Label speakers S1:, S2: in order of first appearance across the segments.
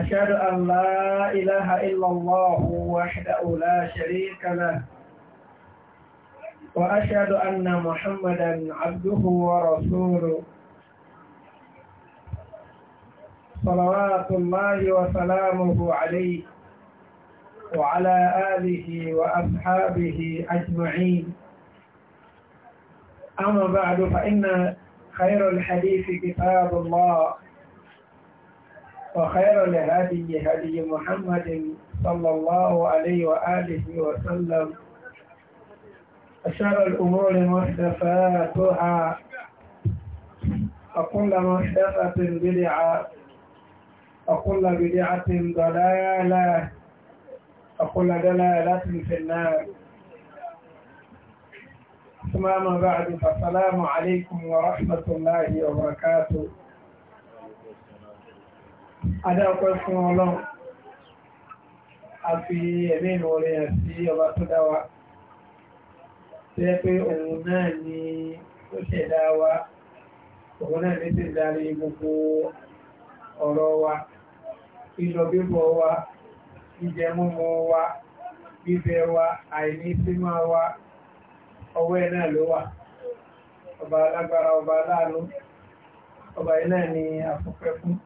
S1: أشهد أن لا إله إلا الله وحده لا شريك له وأشهد أن محمدا عبده ورسوله صلوات الله وسلامه عليه وعلى آله وأصحابه أجمعين أما بعد فإن خير الحديث كتاب الله وخير لهذه هدي محمد صلى الله عليه وآله وسلم أشار الأمور محدثاتها وكل محدثة بدعة وكل بدعة ضلالة وكل دلالة في النار ثم بعد فالسلام عليكم ورحمة الله وبركاته adáwọ̀pẹ́ fún ọlọ́run a fi ẹ̀mí ìmọ̀re hàn sí ọba tó dá wa tó yẹ pé òun náà ni ó ṣẹ̀dá wa òun náà ní sì darí gbogbo ọ̀rọ̀ wa ìlọ bíbọ̀ wa jíjẹ múmu wa bíbẹ wa àìní símá wa ọwọ́ ẹ̀ náà ló wà ọba alágbára ọba aláàánú ọba yìí náà ni àfọ̀pẹ́ fún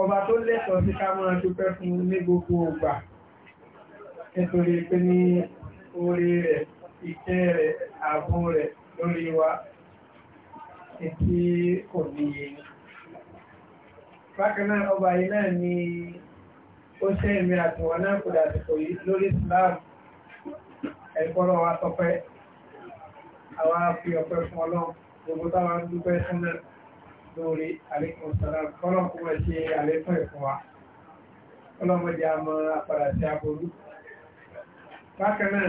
S1: ọba tó lẹ́tọ̀ọ́ sí ká máa dúpẹ́ fún ní gbogbo ọgbà nítorí pé ní orí rẹ̀ ìkẹ́ rẹ̀ ààbò rẹ̀ lórí wa tí kò níye ní bákan ọba yìí náà ni ó ṣe ìmì àtìwọ̀n náà kò dàtìkò yìí lórí Islam ẹ̀kọ́rọ̀ wa tọpẹ́ àwọn afi ọpẹ́ fún Ọlọ́run gbogbo táwọn dúpẹ́ fún náà lórí àríkùnsọ̀rọ̀ kọ́lọ́kùnrin ṣe àlékún ẹ̀fún wa ọlọ́mọdé a mọ́ apàdà sí aburú bákan náà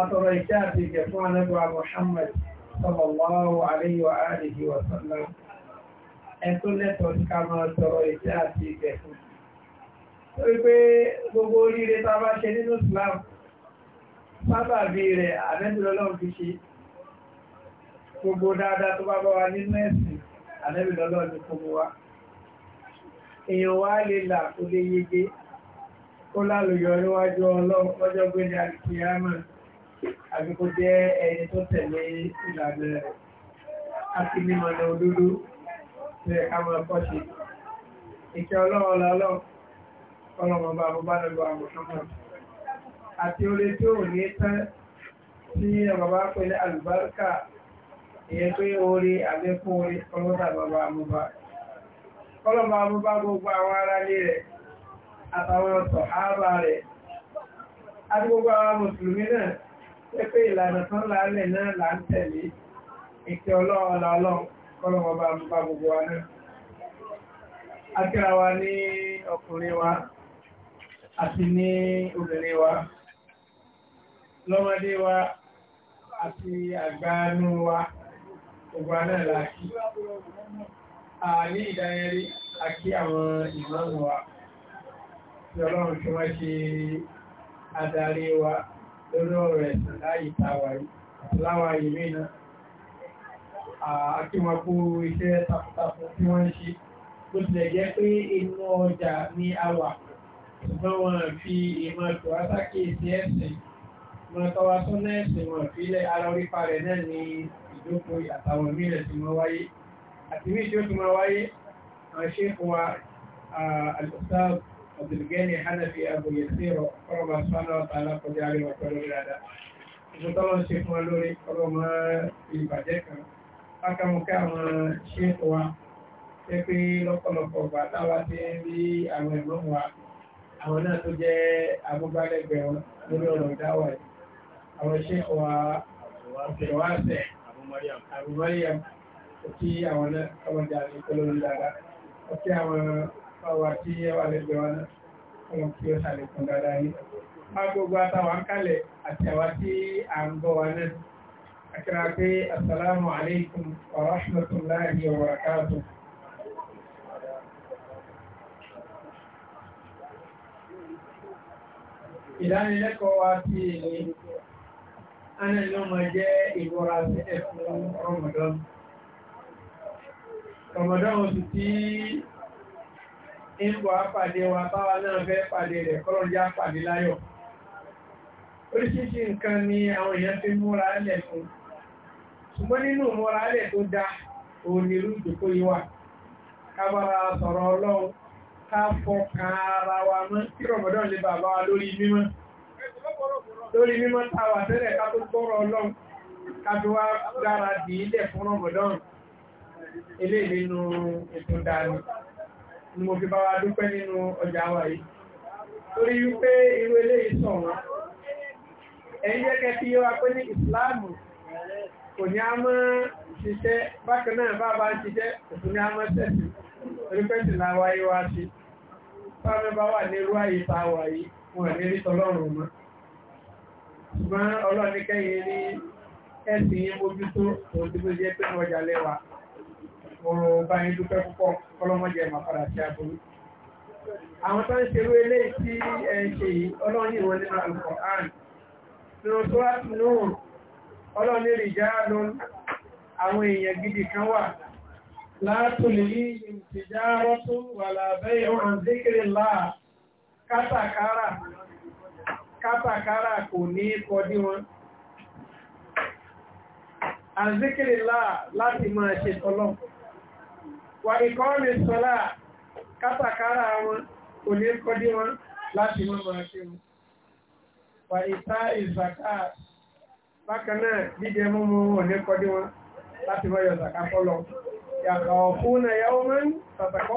S1: àtọ̀rọ̀ ìkẹ́ àti ìgẹ̀ fún anábíwa Muhammad sallallahu alayhi wa alihi wa sallam ẹ̀tọ́ lẹ́tọ̀ọ́ sí ká máa tọrọ ìkẹ́ gbogbo dáadáa tó bá bá wa nínú ẹ̀sìn ànábì lọ́lọ́ ní kó mú wa èèyàn wá lè là kó lè yege kó lálùyọ níwájú ọlọ́run lọ́jọ́ gbé ní alìkìyàmọ̀ àbí kó jẹ́ ẹni tó tẹ̀lé ìlànà rẹ̀ àti nímọ̀nà òdodo rẹ̀ ká máa kọ́ ṣe ìkẹ́ ọlọ́run lọ́lọ́run ọlọ́run ọba àbúbá àti orí tí ò ní tán tí ọba bá pẹ̀lú àlùbáríkà ìyẹn pé orí àlékún orí ọlọ́dà bàbá amúbá kọlọ́mà amúbá gbogbo àwọn ará rẹ̀ àtàwọn ààbà rẹ̀ àti gbogbo àwọn mùsùlùmí náà pé pé ìlànà tán láàlẹ̀ náà là ń tẹ̀lé ìkẹ́ àti wa. gbogbo aná a àní ìdáyẹrí àkí àwọn ìmáàmù wa tí ọlọ́run tí wọ́n ṣe adarí wa lórí ọ̀rọ̀ ẹ̀sìn láyé tàwàrí láwàrí mìíràn àkíwàkú iṣẹ́ takuntakun tí wọ́n ń ṣe bó tilẹ̀ jẹ́ pé inú ọjà ní àwà ṣùgbọ́n wọn fi ìmọ̀ tòwásákè sí ẹ̀sìn mọ̀tọ́wá tó náà ẹ̀sìn wọn fílẹ̀ ara orí parẹ̀ náà ní ìjókòó àtàwọn mílẹ̀ tí wọ́n wáyé àti ní ìjọ́ al-Ustaz Abdulgani Hanafi Abu Yasir ọ̀rọ̀bà sọ́nà ọ̀tàlá kọjá rí wà pẹ̀lú ìrada ìjọ́tọ́lọ́ ṣe fún wa lórí ọ̀rọ̀ mọ́ ìbàjẹ́ kan pákàmùká àwọn ṣéèkù wa ṣe pé lọ́pọ̀lọpọ̀ gbà táwa ti ń rí àwọn ẹ̀gbọ́n wa àwọn náà tó jẹ́ amúgbálẹ́gbẹ̀ẹ́ wọn lórí ọ̀rọ̀ ìdáwà yìí àwọn ṣéèkù wa ọ̀rọ̀ wa àbú Mariam òkè àwọn ọmọdé àti ìpolówó dáadáa òkè àwọn ọwọ́ àti ẹwà lẹ́gbẹ̀ẹ́ wọn ọmọ kí ó ṣàlékún dáadáa yìí. Má gbogbo àtàwọn ń kalẹ̀ àti àwa tí à ń bọ̀ wọn náà. Akíra pé ánà ni ó máa jẹ́ ìrora sílẹ̀ fún Ramadan. Ramadan oṣù tí ń bọ̀ àpàdé wa báwa náà fẹ́ pàdé rẹ̀ kọ́lọ̀ já pàdé láyọ̀. Oríṣiríṣi nǹkan ni àwọn èèyàn fi múra lẹ̀ fún. Ṣùgbọ́n nínú múra lẹ̀ tó dá onírú ìdókó yìí wà. Kábàrà sọ̀rọ̀ ọlọ́run ká fọkàn ara wa mọ́ kí Ramadan lè bàbá wa lórí mímọ́. lórí mímọ́ táwà tẹ́lẹ̀ ká tó gbọ́rọ̀ ọlọ́run ká dára dì í lẹ̀ fún ọmọdọ́rùn ilé nínú ètò dàní ni mo fi bá dúpẹ́ nínú ọjà wa yìí torí wípé a mọ́ ṣiṣẹ́ bá bá ṣiṣẹ́ kò ní a mọ́ láwáyé wá sí fáwọn bá wà ní ṣùgbọ́n ọlọ́nikẹ́yìn ní ẹ̀sìn ojútó òdúgbò jẹ́ pé ọjà lẹ́wà ọ̀rọ̀ ọba yìí dúpẹ́ púpọ̀ ọlọ́mọdé ẹ̀mà padà sí aburú àwọn tó ń ṣerú ilé tí ẹ ṣe yìí ọlọ́run ìwọ nínú àlùkọ̀ àrùn nínú tó nùn ọlọ́run ìrìjá ló àwọn èèyàn gidi kan wà látòlè yìí ìtìjá rọ́tún wà lábẹ́ ìhàn zíkìrì láà kátàkárà kátàkárà kò ní kọdí wọn àzíkìrì láà láti máa ṣe tọ́lọ́m wà ìkọ́rin sọ́lá kátàkárà wọn kò ní kọdí wọn láti máa máa ṣe wọn wà ìta ìzàká bákanáà dídẹ mọ́mọ́ wọn ní kọdí wọn láti máa yọ zàká fọ́lọ́ yàkọ̀ọ̀kúnà yawman tàtàkọ́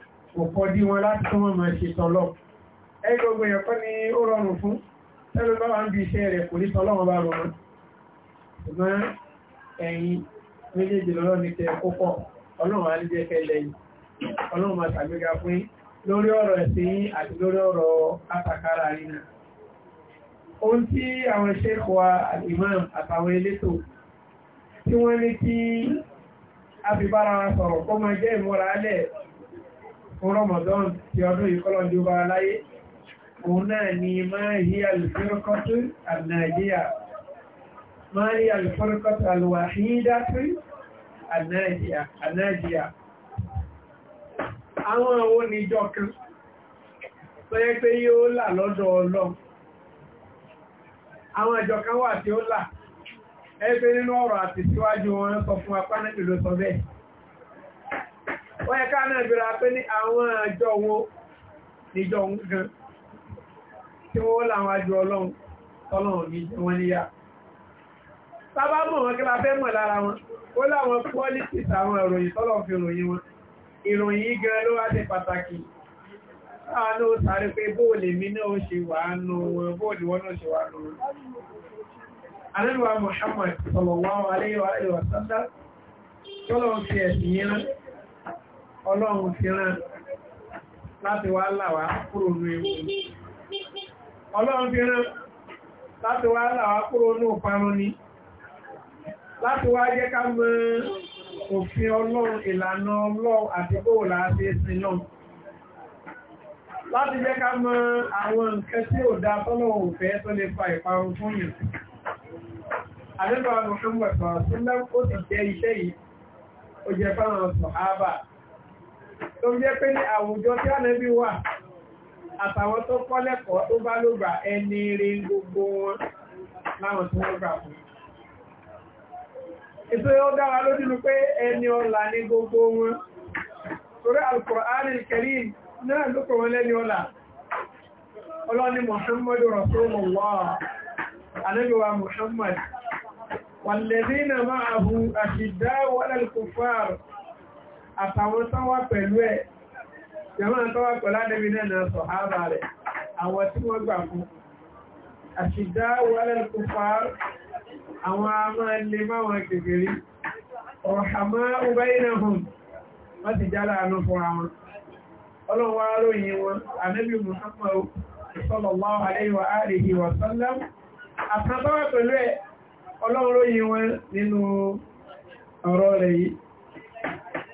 S1: kò kọ́ dí wọn láti tó wọ́n máa ṣe tọ́lọ́ ẹgbogbo èèyàn kọ́ ni ó rọrùn fún tẹ́lú bá wà ń bí iṣẹ́ rẹ̀ kò ní tọ́lọ́ wọn bá rọ wọn ṣùgbọ́n ẹ̀yìn méjèèjì lọ́lọ́ ní tẹ kókọ́ ọlọ́run á ní jẹ́ kẹ́ lẹ́yìn ọlọ́run máa ṣàgbéga fún lórí ọ̀rọ̀ ẹ̀sìn àti lórí ọ̀rọ̀ kátàkárà rínà ohun tí àwọn ṣẹ́kù wa imam àtàwọn elétò tí wọ́n ní kí a fi bára wọn sọ̀rọ̀ kó máa jẹ́ ìmúra alẹ́ fún Ramadan ti ọdún ìkọlọ̀ ní ọba aláyé òun náà ni máa hí alìfẹ́rọ́kọ́tù ànàjíyà máa hí alìfẹ́rọ́kọ́tù alwàhídátù ànàjíyà àwọn owó ní ìjọ kan tó yẹ pé yóò là lọ́dọ̀ ọlọ́ àwọn ìjọ kan wà tí ó là ẹgbẹ́ nínú ọ̀rọ̀ àti síwájú wọn sọ fún apá náà wọ́n yẹ káà náà bèèrè pé ní àwọn àjọ wọn níjọ gan tí wọ́n láwọn àjọ ọlọ́run ọlọ́run ní wọ́n níyà sábà mọ̀ wọn kí la fẹ́ mọ̀ lára wọn ó láwọn politics àwọn ìròyìn tọ́lọ̀ fi ròyìn wọn ìròyìn gan ló wá ṣe pàtàkì láàánú sáré pé bóòlè mi náà ṣe wà nù wọn bóòlè wọn náà ṣe wà nù wọn Àlẹ́lúwà Muhammad sallallahu alayhi wa sallam, tọ́lọ̀ fi ẹ̀sìn yìí náà, ọlọ́run ti rán láti wá láwá kúrò ní ewu ọlọ́run ti rán láti wá láwá kúrò ní òparun ni láti wá jẹ́ ká mọ̀ òfin ọlọ́run ìlànà ọlọ́run àti bóò láti ẹsìn náà láti jẹ́ ká mọ̀ àwọn nǹkan tí ò dá tọ́lọ́run òfẹ́ tó lè fa ìparun fún yìí Àdébà Mùsùlùmí ọ̀sán sílẹ̀ ti jẹ́ iṣẹ́ yìí, ó jẹ fáwọn sọ̀hábà tó jẹ́ pé ní àwùjọ tí ànábì wà àtàwọn tó kọ́ lẹ́kọ̀ọ́ tó bá ló gbà ẹni rí gbogbo wọn láwọn tí wọ́n gbà fún. Ètò yóò dára lójú ni pé ẹni ọlà ní gbogbo wọn. Torí Al-Qur'an al náà ló pè wọ́n lẹ́ni ọlà. Ọlọ́ni Muhammadu Rasulullah, Ànábì wa Muhammad, wal ladhina ma'ahu ashiddaa'u 'ala àtàwọn tán wà pẹ̀lú ẹ̀ jẹ́mọ́n tán wà pẹ̀lú àdẹ́bí náà sọ ààbà rẹ̀ àwọn tí wọ́n gbà fún àṣìdá wọlẹ̀ àwọn àmà lè máwọn kékeré ọ̀hàmá ubaynahum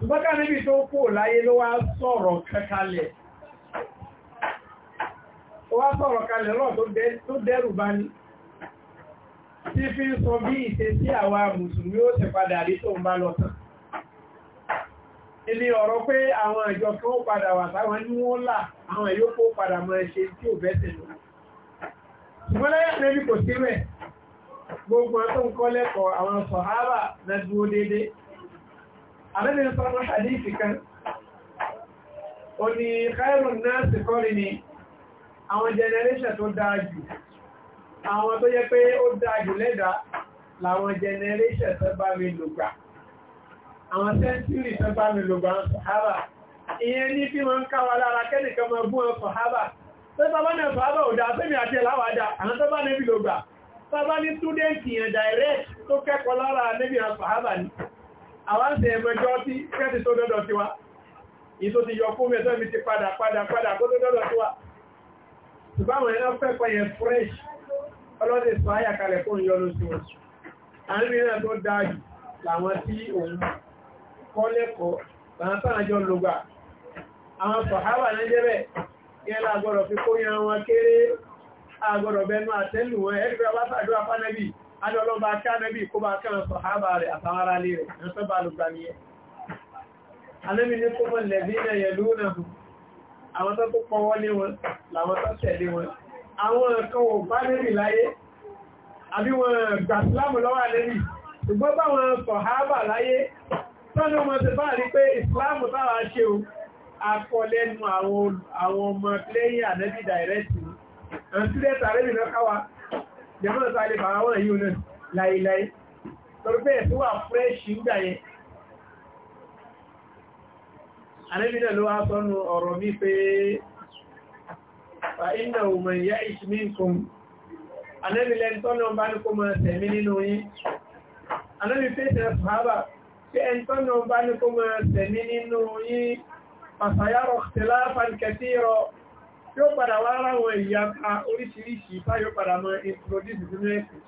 S1: ṣùgbọ́ká níbi tó kò láyé ló wá sọ̀rọ̀ kalẹ̀ ó wá sọ̀rọ̀ kalẹ̀ lọ́ tó dẹ́rù bá ní tí fi ń sọ bí ìṣe sí àwa mùsùlùmí ó sì padà rí tó ń bá lọ tán ilé ọ̀rọ̀ pé àwọn ìjọ kan ó padà wà táwọn ní wọ́n là àwọn ìyókò padà mọ́ ẹṣe tí ò bẹ́sẹ̀ lọ ṣùgbọ́n lẹ́yà nẹ́bí kò sí rẹ̀ gbogbo ọ̀tọ́ ń kọ́ lẹ́kọ̀ọ́ àwọn sọ̀hábà náà dúró déédéé àmẹ́lẹ̀ ń àdífì kan o ni kairun náà sì kọ́rin ni àwọn generation tó dáa jù àwọn tó yẹ pé ó dáa jù lẹ́dà láwọn generation tó bá mi lògbà àwọn century tó bá mi lògbà ń sọ̀hábà ìyẹn ní fi wọ́n káwà lára kẹ́nìkan mọ́ bú wọn sọ̀hábà tó bá bá náà sọ̀hábà ò dáa sẹ́mi àti ẹ̀láwàdà àwọn tó bá níbi ní student yẹn direct tó kẹ́kọ̀ọ́ lára níbi àwọn sọ̀hábà ni àwáṣẹ ẹgbẹjọ́ tí kẹ́tì tó dọ́dọ̀ tiwa ìtò ti yọ fún mẹ́tọ́ mi ti padà padà padà kó tó dọ́dọ̀ tiwa ṣùgbọ́n ẹ̀nà pẹ́pẹ́ yẹn fresh ọlọ́dẹ̀ sọ ayàkalẹ̀ fún yọ lóṣù wọn àárín náà tó dáàjù làwọn tí òun kọ́ lẹ́kọ̀ọ́ làwọn sáàjọ lògbà àwọn sọ̀hábà náà jẹ́ bẹ́ẹ̀ yẹn lágbọ́dọ̀ fi kó yan wọn kéré àgbọ́dọ̀ bẹnu àtẹ́lù wọn ẹ̀rí adọ́lọ́bà kánẹ́bì kó bá kánà sọ̀hábà rẹ̀ àtàwárá lè rẹ̀ ní sọ́bà lùgbàmíyẹ. anẹ́bì ní kó mọ̀ lẹ̀bí ilẹ̀ yẹ̀lú náà àwọn tó tó pọ̀wọ́ lé wọn làwọn tó tẹ̀lé wọn àwọn kan ò bá lẹ́bì láyé àbí wọn gbà sílámù lọ́wọ́ lẹ́bì ṣùgbọ́n bá jẹ́mọ́lẹ̀ tó alẹ́ bàrá wọ́n yíò náà láìláì torí pé ẹ̀sùn wà fúrẹ́ṣì ń gbàyẹ Ànábì náà ló wá sọ́nu ọ̀rọ̀ mi pé fa iná òmò ìyá ìṣmí nǹkan Ànábì lẹ́ni tọ́nà bá ní kó máa tí ó padà wá ráwọn ìyapa oríṣiríṣi báyọ̀ padà mọ́ introduce sínú ẹ̀sìn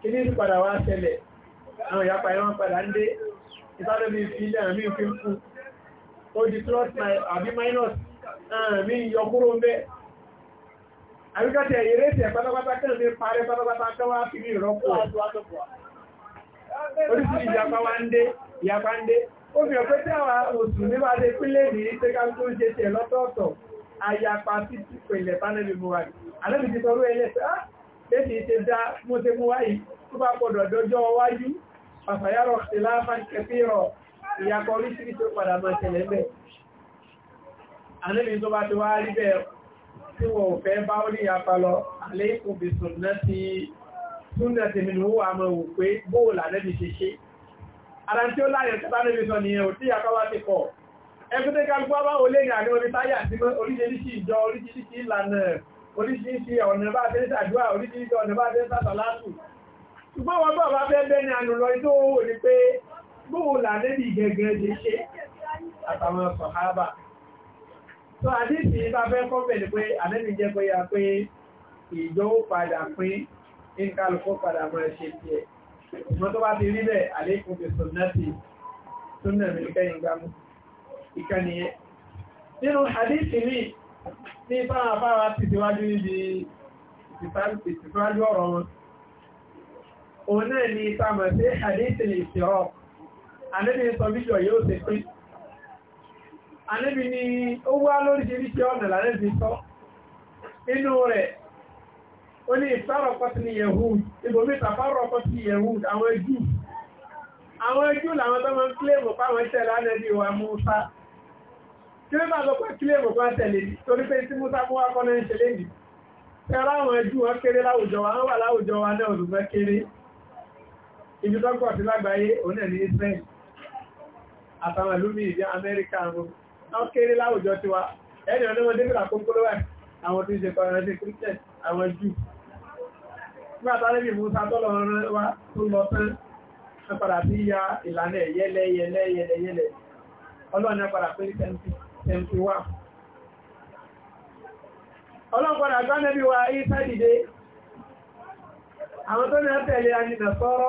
S1: kí ní padà wá ṣẹlẹ̀ àwọn ìyapa ẹ̀wọ̀n padà ń dé ìbádọ́bí ìfilẹ̀ àmì òfin fún ó di plus àbí minus àmì ìyọkúrò ń bẹ́ àríkàtẹ̀ ìrètí ẹ̀ pátápátá kẹ́lẹ̀ ní parí pátápátá kẹwàá fi ní ìrọ́pò oríṣiríṣi ìyapa wá ń dé ó fi ọ̀pẹ́ tí àwọn oṣù nípa dé pínlẹ̀ ní tẹ́ká tó ṣe tẹ̀ lọ́tọ̀ọ̀tọ̀ ayapa sí pẹ̀lẹ̀ pánẹ́lì mú wáyé alẹ́bì ti sọrú ẹlẹ́ pé á lẹ́bì ṣe dá mú ṣe mú wáyé tó bá pọ̀dọ̀ dọjọ́ wájú pàfàyàrọ̀ sí láàfà kẹfìrọ̀ ìyàkọ̀ oríṣiríṣi padà máa ṣẹlẹ̀ bẹ́ẹ̀ alẹ́bì tó bá ti wá rí bẹ́ẹ̀ tí wọ́n ò fẹ́ bá ó ní ìyapa lọ alẹ́ ìkùnbìsùn náà ti túnà tèmi ni ó wà mọ̀ wò pé bóòlù alẹ́bì ṣe ṣe ara tí ó láyẹ̀ tẹ́ta níbi sọ nìyẹn ò tí àkọwà ti kọ̀ ẹgbẹ́ kálùkù bá wọlé ní àgbẹ̀ orí táyà sí oríṣiríṣi ìjọ oríṣiríṣi ìlànà oríṣiríṣi ọ̀nà bá tẹ́lẹ̀ tàdúrà oríṣiríṣi ọ̀nà bá tẹ́lẹ̀ tàtà látù ṣùgbọ́n wọn bọ̀ bá fẹ́ bẹ́ ní ànù lọ tó wò ní pé gbóhùn lànẹ́bì gẹ̀gẹ̀ lè ṣe àtàwọn sọ̀hábà tó àdíṣì bá fẹ́ kọ́ bẹ̀ ní pé ànẹ́bì jẹ́ pé ya pé ìjọ padà pín ní kálùkù padà mọ́ ṣe tiẹ̀ ìmọ́ tó bá ti rí bẹ́ẹ̀ àlékún fi sunnati sunna mi kẹ́yìn gbámú ìkànnìyẹ nínú hadithi ní ní fáwàfáwà ti síwájú níbi ìtìsíwájú ọ̀rọ̀ wọn òun náà ni ìtàmà sí hadithi ní ìṣirọ́ anábi sọ bíjọ yóò ṣe pín anábi ni ó wá lóríṣiríṣi ọ̀nà lánàbí ó ní ìfẹ́rọ̀kọ́ ni yehud ibòmí ìtàfẹ́rọ̀kọ́ sí yehud àwọn ẹjú àwọn ẹjú làwọn tó máa ń kílèmù páwọn iṣẹ́ lánàbí wa Musa kí ló bá lọ pẹ́ kílèmù pa tẹ̀lé torí pé tí Musa mú wákọ́ náà ń ṣe lẹ́yìn tẹ́ láwọn kéré láwùjọ wa wọ́n wà láwùjọ wa náà ibi tó pọ̀ sí lágbàáyé òun ní Israel àtàwọn ìlú míì ní Amẹ́ríkà wọn kéré láwùjọ tiwa ẹni látàrí Musa tọ́lọ wa tó lọ tán ẹpàdà sí ya ìlànà yẹlẹ yẹlẹ a yẹlẹ ọlọ́run ẹpàdà pé 71 ọlọ́run padà gbánẹ́bí wa ìsá dìde àwọn tó ní ẹ́tẹ̀lẹ̀ àni nàṣọ́rọ̀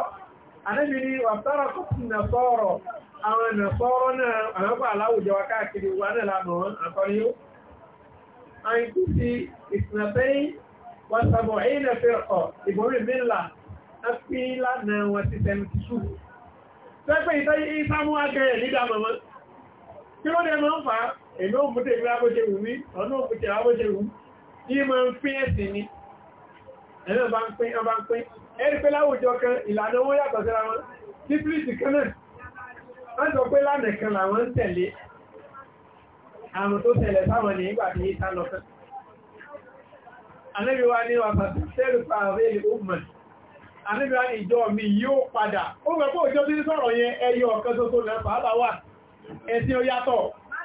S1: anẹ́bí ni wà tọ́rọ kọ́pù nàṣọ́rọ̀ àwọn nàṣọ́rọ̀ náà àwọn aláwùjọ wa káàkiri wa náà lánàá àkọ́rí wọ́sàbọ̀ ẹ̀yìn ẹ̀fẹ́ ọ̀ ìgbórí mílà ẹ̀fí lánà wọn ti tẹ̀lú ti ṣù. Tẹ́pẹ́ ìtẹ́ ìsámú agẹ́rẹ̀ nígbà mọ̀mọ́. Kí ló dé máa ń fa èmi ò mútẹ̀ ìwé abóṣe wù mí, ọ̀nà òkútẹ̀ abóṣe wù mí, máa ń pín ẹ̀sìn ni. Ẹ̀nà bá ń pín, ọba ń pín. Ẹ̀rí pé láwùjọ kan ìlànà owó yàtọ̀ síra wọn. Típlìtì kan náà, wọ́n sọ pé lánà kan làwọn ń tẹ̀lé. Àrùn tó tẹ̀lẹ̀ sáwọn ní ìgbà tí ìta lọ kan anẹ́bíwá ní wàtàtí sẹ́rùpá rẹ̀ ìhùnmọ̀ anẹ́bíwá ní ìjọ mi yóò padà ó gbẹ̀kọ́ òjò tí sọ̀rọ̀ yẹn ẹyọ ọ̀kan tó tó lẹ́fà àbáwà ẹ̀sìn ó yàtọ̀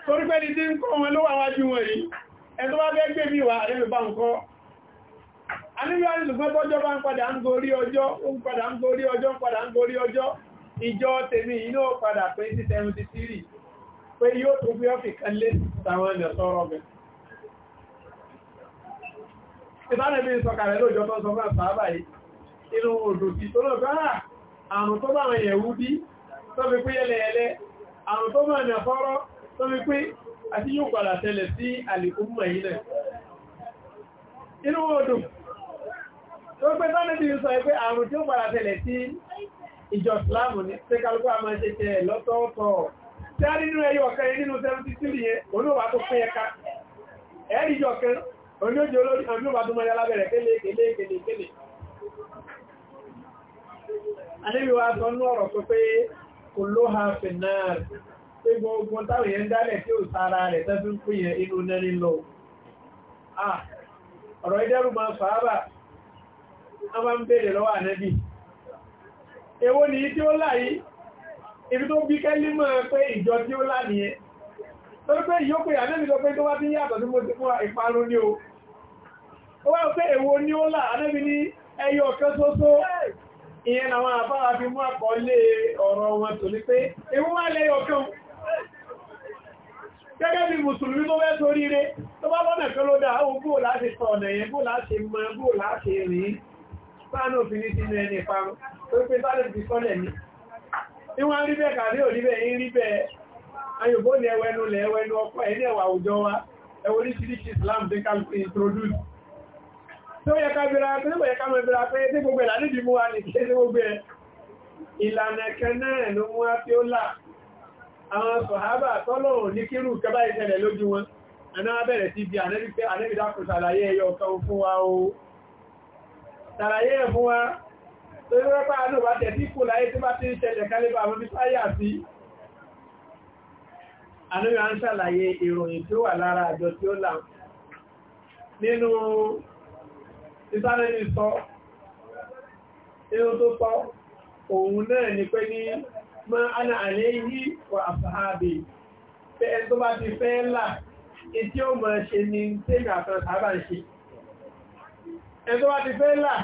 S1: torí pé ní tí ń kọ́ wọn ló wà wájú wọn rí ẹ̀tọ́ bá bẹ́ gbé mi wà anẹ́bíwá ń kọ́ anẹ́bíwá ní ṣùgbọ́n bọ́jọ́ bá ń padà ń gorí ọjọ́ ń padà ń gorí ọjọ́ ń padà ń gorí ọjọ́ ìjọ tèmi inú padà pé 73 pé yóò tó bí ọ́fì kan lé tàwọn ẹ̀sọ́rọ̀ bẹ̀rẹ̀ ìbánẹ̀bí sọkàrẹ̀ lóòjọ́ tó sọ máa sàábà yìí inú òdòsí tó lọ gbára ah, àrùn tó bá àwọn yẹ̀wú bí tó fi pé ẹlẹ́ẹ̀lẹ́ àrùn tó bá àwọn ẹ̀fọ́rọ́ tó fi pé àti yóò padà tẹ́lẹ̀ sí àlìkúnmọ̀ yìí náà inú odò tó pé tánàbí sọ pé àrùn tí ó padà tẹ́lẹ̀ sí kan olóòjì olóòjì kan ló bá tó mọ́lá lábẹ̀rẹ̀ kélé kélé kélé kélé anẹ́bí wa tọ́ ní ọ̀rọ̀ tó pé kò ló ha fìnnáà pé gbogbo táwọn yẹn dálẹ̀ tí ó sára rẹ̀ tẹ́ fi ń pín yẹn inú nẹ́rin lọ ọ̀rọ̀ ìdẹ́rù máa fàábà a máa ń bèèrè lọ́wọ́ ànẹ́bí èwo ni tí ó láyí ibi tó bí kẹ́lí mọ́ pé ìjọ tí ó lá nìyẹn tó pé ìyókù ànẹ́bí lọ pé tó wá ti yàtọ̀ sí mo ti fún ìparun ní o ó wá pé èwo ní ó là anẹ́bí ní ẹyọ ọ̀kan ìyẹn àwọn àbára fi mú ọ̀rọ̀ wọn tò ní pé èwo wá lẹ́yọ kan gẹ́gẹ́ bí mùsùlùmí tó fẹ́ sórí tó bá bọ́nà kan ló dá àwọn láti yẹn láti mọ bóò láti rìn sáànù òfin sínú ẹni ìparun tó pé sáré ti sọ́lẹ̀ ní tó yẹ ká bèèrè pé ó yẹ ká mọ̀ bèèrè pé tí gbogbo ẹ̀lá nídìí mú wa ní kí ní gbogbo ẹ̀ ìlànà kan náà ló mú wá tí ó là àwọn sọ̀hábà tọ́lọ̀ ní kírù kẹbà ìṣẹ̀lẹ̀ lójú wọn ẹ̀nà abẹ́rẹ̀ sí bí ànẹ́bì dákùn sàlàyé ẹyọ kan fún wa o sàlàyé ẹ̀ fún wa tó yẹ pẹ́pẹ́ àánú bá tẹ̀ tí kò láyé tí bá ti ń ṣẹlẹ̀ kálíbà wọn ní fáyà ìsáré ní sọ inú tó sọ òun náà ni pé ní mọ́ ana àlẹ́ yí wà àfàábì pé ẹ tó bá ti fẹ́ là etí ó mọ̀ ṣe ni tèmi àtọ́ sábà ń ṣe ẹ tó bá ti fẹ́ là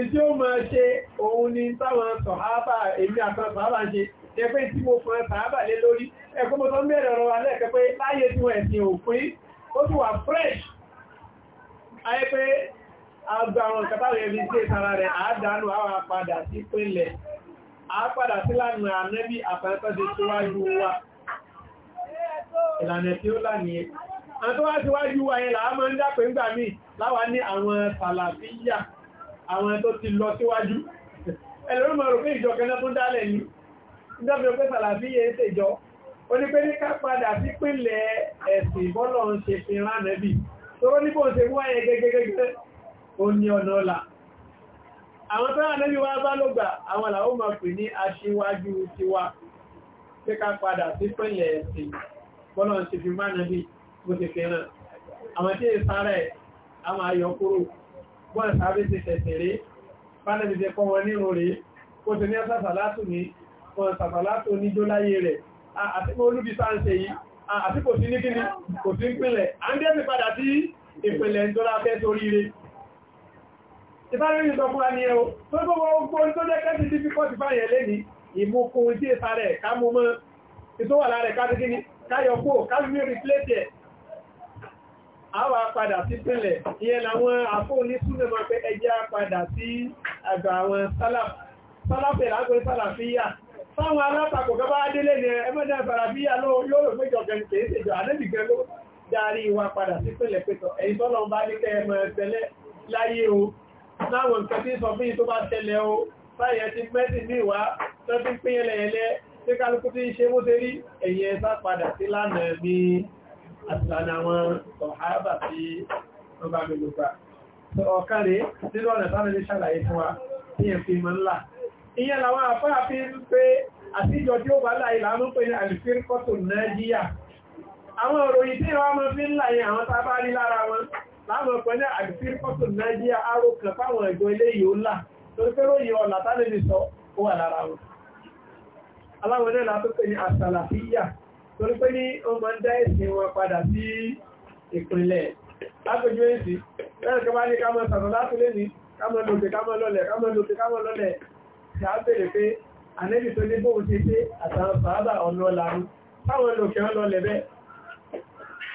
S1: etí ó mọ̀ ṣe òun ni táwọn sọ̀hábà èmi àtọ́ sábà ṣe ẹgbẹ́ tí mo fún sàábà lé lórí ẹkùn mo tó fresh ayé agbá àwọn ìkàtàwẹ̀ ẹbí sí ìtara rẹ̀ àádánù àwọn àpadà sí pínlẹ̀ àápadà sí lánà ànẹ́bí àpẹẹpẹ́ ti síwájú wa ìlànà tí ó lánìí àwọn tó wá síwájú wa yẹn làá máa ń dápẹ́ ń gbà mí láwa ní àwọn sàlàfíyà àwọn tó ti lọ síwájú ẹlòmí mọ̀ rò pé ìjọ kẹ́nà tó dálẹ̀ ní ìjọba pé sàlàfíyà ń tèjọ ó ní pé ní ká padà sí pínlẹ̀ ẹ̀sìn bọ́lọ̀ ń ṣe fi ránẹ́bí tó ní bóun ṣe wáyé ó ní ọ̀nà ọ̀la àwọn tó ránẹ́bí wá bá ló gbà àwọn àlàó máa pè ní aṣíwájú tiwa pé ká padà sí pẹ̀lẹ̀ ẹ̀sìn bọ́lọ̀ ti fi máa nàbí bó ti fi ràn àwọn tí ìsára ẹ̀ a máa yọ kúrò bọ́n sáré ti tẹ̀sẹ̀ rí fánàbí ti kọ́ wọn nírò rí ó ti ní ọ́sàfàlátù ní wọn sàfàlátù oníjó láyé rẹ̀ àti pé olúbi sáńsẹ̀ yìí àti kò sí ní kíni kò sí ń pìnlẹ̀ à ń dẹ́sì ìbára ìrìn ìtọ́kùn wa ní ẹ̀ o tó gbogbo ogun tó jẹ́ kẹ́sì tí fi kọ́tí báyẹ̀ lé ní ìmúkun tí èsà rẹ̀ ká mú mọ́ ìtọ́wà láàrẹ̀ ká dígí ní káyọ̀kó káàkiri replace ẹ̀ àwà padà sí pínlẹ̀ ìyẹn làwọn àfóòní súnmọ́ máa pé ẹjẹ́ padà sí àgbà àwọn sálàfẹ́ lágbẹ́ sálàfíyà táwọn alátakò gaba délé ní ẹmọ́dé sálàfíyà yóò rò péjọ gẹ̀ẹ́ kìí ṣèjọ àdébìgẹ́ ló darí wa padà sí pínlẹ̀ pẹ́tọ̀ ẹ̀yìn tọ́lọ́ láwọn nǹkan tí sọ fún yí tó bá tẹ́lẹ̀ o báyẹ̀ ti mẹ́sì ní ìwá tó ti pín yẹlẹ̀yẹlẹ tí kálukú ti ṣe mú tẹ́rí ẹ̀yẹ ẹ̀sá padà sí lánàá ní àtìlànà àwọn ọ̀hábà tí wọ́n bá mẹ́lúgbà ọ̀kàrẹ́ nínú ọ̀nà tánà ní ṣàlàyé fún wa ní ẹ̀fẹ́ ìmọ̀ ńlá ìyẹn làwọn àfáà fi ń pé àtijọ́ láàmù ọ̀pẹ́ ní àgbẹ̀fíkọ́tù nàíjíríà aró kan fáwọn ẹ̀gbọ́n ilé yìí ó là torí pé ròyìn ọ̀là tálẹ́bì sọ ó wà lára wọn aláwọn ẹ̀lá tó pè ní àsàlàfíyà torí pé ní ọmọ ń dá ẹ̀sìn wọn padà sí ìpínlẹ̀ lápẹjú èsì lẹ́yìn tó bá ní ká mọ́ sàtọ̀ láti lé ní ká mọ́ lòkè ká mọ́ lọ́lẹ̀ ká mọ́ lòkè ká mọ́ lọ́lẹ̀ ṣe á bèèrè pé ànẹ́bì tó ní bóun ṣe ṣe àtàwọn sàábà ọ̀nà ọ̀làrú táwọn lòkè ọ̀lọ́lẹ̀ bẹ́ẹ̀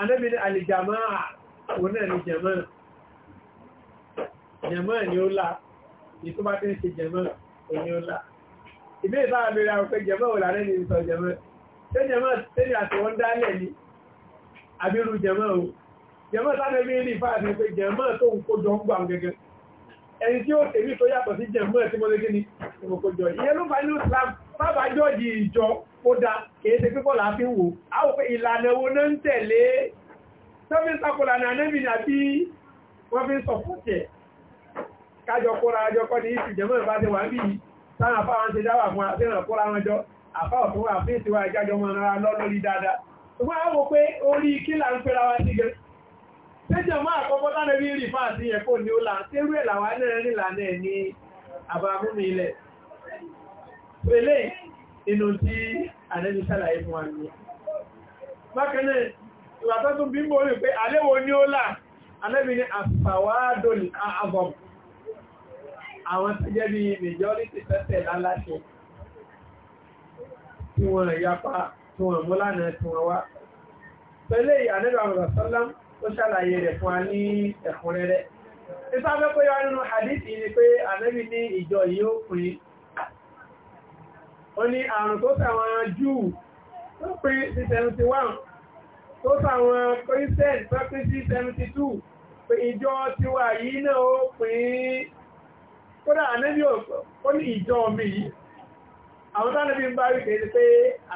S1: Ànábì ní alìjàmáà òun náà ni jàmáà jàmáà ni ó lá ìtú bá tí ń ṣe jàmáà òní ó lá ìbí ìbá àbẹ̀rẹ̀ àwọ̀fẹ́ jàmáà wò lárẹ́ ní ìsọ jàmáà ṣé jàmáà tẹ́lẹ̀ àti wọ́n dálẹ̀ ni àbírú jàmáà o jàmáà sáré mi rí ìfá àti pé jàmáà tó ń kó jọ ń gbà gẹ́gẹ́ ẹni ni bàbá jọ́jì ìjọ ó dá kìí ṣe pípọ̀ láàfin wò á ò pé ìlànà wo náà ń tẹ̀lé sọ́fíì sàkùlà náà nẹ́bì àbí wọ́n fi ń sọ fún tẹ̀ kájọ kóra àjọ kọ́ ní ìsì jẹ́mọ́ ìbá ti wà ń bí sáwọn afáwọn ṣe dáwà fún àfihàn kóra wọn jọ àfá ọ̀tún wà fún ìtiwà ìjájọ mọ́ ara lọ lórí dáadáa ṣùgbọ́n ni ó là Pẹ̀lẹ́ inú tí ànẹ́bí sàlàyé fún wa ní. Bákanáà, ìwàtọ́ tún bí mọ́ rí pé àléwò ní ó là, ànẹ́bí ni àfàwádòlì àbọ̀m. Àwọn tí jẹ́ bí majority tẹ́tẹ̀ láláṣẹ tí wọ́n yapa tí wọ́n mú lánàá tí wọ́n wá. Pẹ̀lẹ́ ànẹ́bí àwọn ọ̀sán ó ṣàlàyé rẹ̀ fún hadith ni pé ànẹ́bí ní ìjọ yìí ó ní àrùn tó tàwọn Júù tó pín sí 71 tó tàwọn Christian tó pín sí 72 pé ìjọ tiwa yìí náà ó pín kódà anẹ́bí ó ní ìjọ mi yìí àwọn tánàbí ń bá rí kèé pé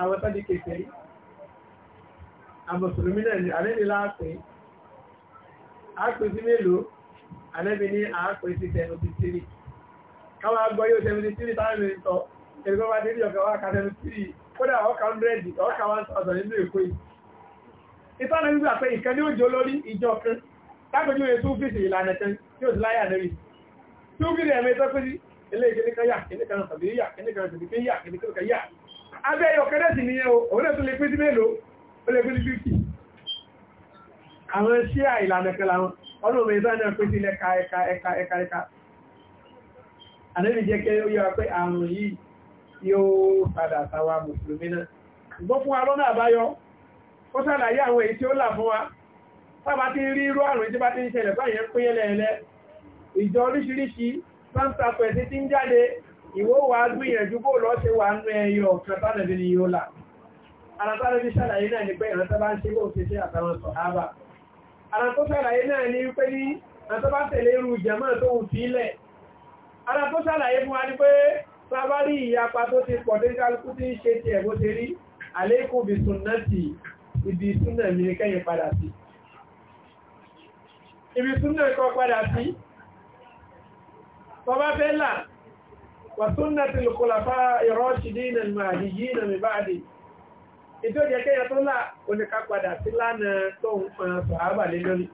S1: àwọn tánàbí kèé àmọ̀sùlùmí náà ni anẹ́bí láàpín àápín mélòó anẹ́bí ní àápín 73 káwọn agbọ́ yóò 73 táwọn ènìyàn ẹgbẹ́ wá dérí ọ̀gá wá kàtẹ́lú sí kódà ọkà 100 ọkà 1000 nínú èkó yìí ìtọ́nà wípé àpẹ ìkan ní òjò lórí ìjọ kan lágbójú rẹ̀ tó fèsì ìlànà kan tí ó ti láyà lórí tí ó fìdí ẹ̀mẹ́ tọ́pẹ́ sí ilé ìkẹ́lẹ́kan yà kẹ́lẹ́kan tàbí yà kẹ́lẹ́kan tàbí yà kẹ́lẹ́kan yà abẹ́ ẹyọ kẹ́lẹ́sì ni o òun náà tó lè pín sí mélòó ó lè pín sí 50 àwọn ṣíà ìlànà kan làwọn ọdún òmìnir náà pín sí yóò padà sáwà mùsùlùmí náà ṣùgbọ́n fún wa lọ́nà àbáyọ ó sàlàyé àwọn èyí tí ó là fún wa sábà ti rí irú àrùn tí bá ti ń ṣẹlẹ̀ báyẹn pín yẹlẹ̀ẹ́lẹ́ ìjọ oríṣiríṣi sáńsàpẹ̀ tí ti ń jáde ìwó wa gbìyànjú bó lọ́ ṣe wà nú ẹyọ kan tánàbí ni yóò là ara tánàbí sàlàyé náà ni pé ìrántá bá ń ṣe bó ṣe ṣe àtàwọn sọ̀hábà ara tó sàlàyé náà ni pé ní àtọ́bá tẹ̀lé irú jẹ̀mọ́ tó fún wa ni pé sábárí ìyapa tó ti pọ̀ dé kálukú tí ń ṣe ti ẹ̀bó ti rí àlékún bí súnà ti ibi súnà mi ní kẹ́yìn padà sí ibi súnà kọ padà sí tọba fẹ́ là wà súnà ti lùkùlàfà ìrọ́ṣìdínà màdìyínà mi báàdì ìjọ jẹ́ kẹ́yà tó là oníká padà sí lánà tó ń pọn sọ̀hábà lé lórí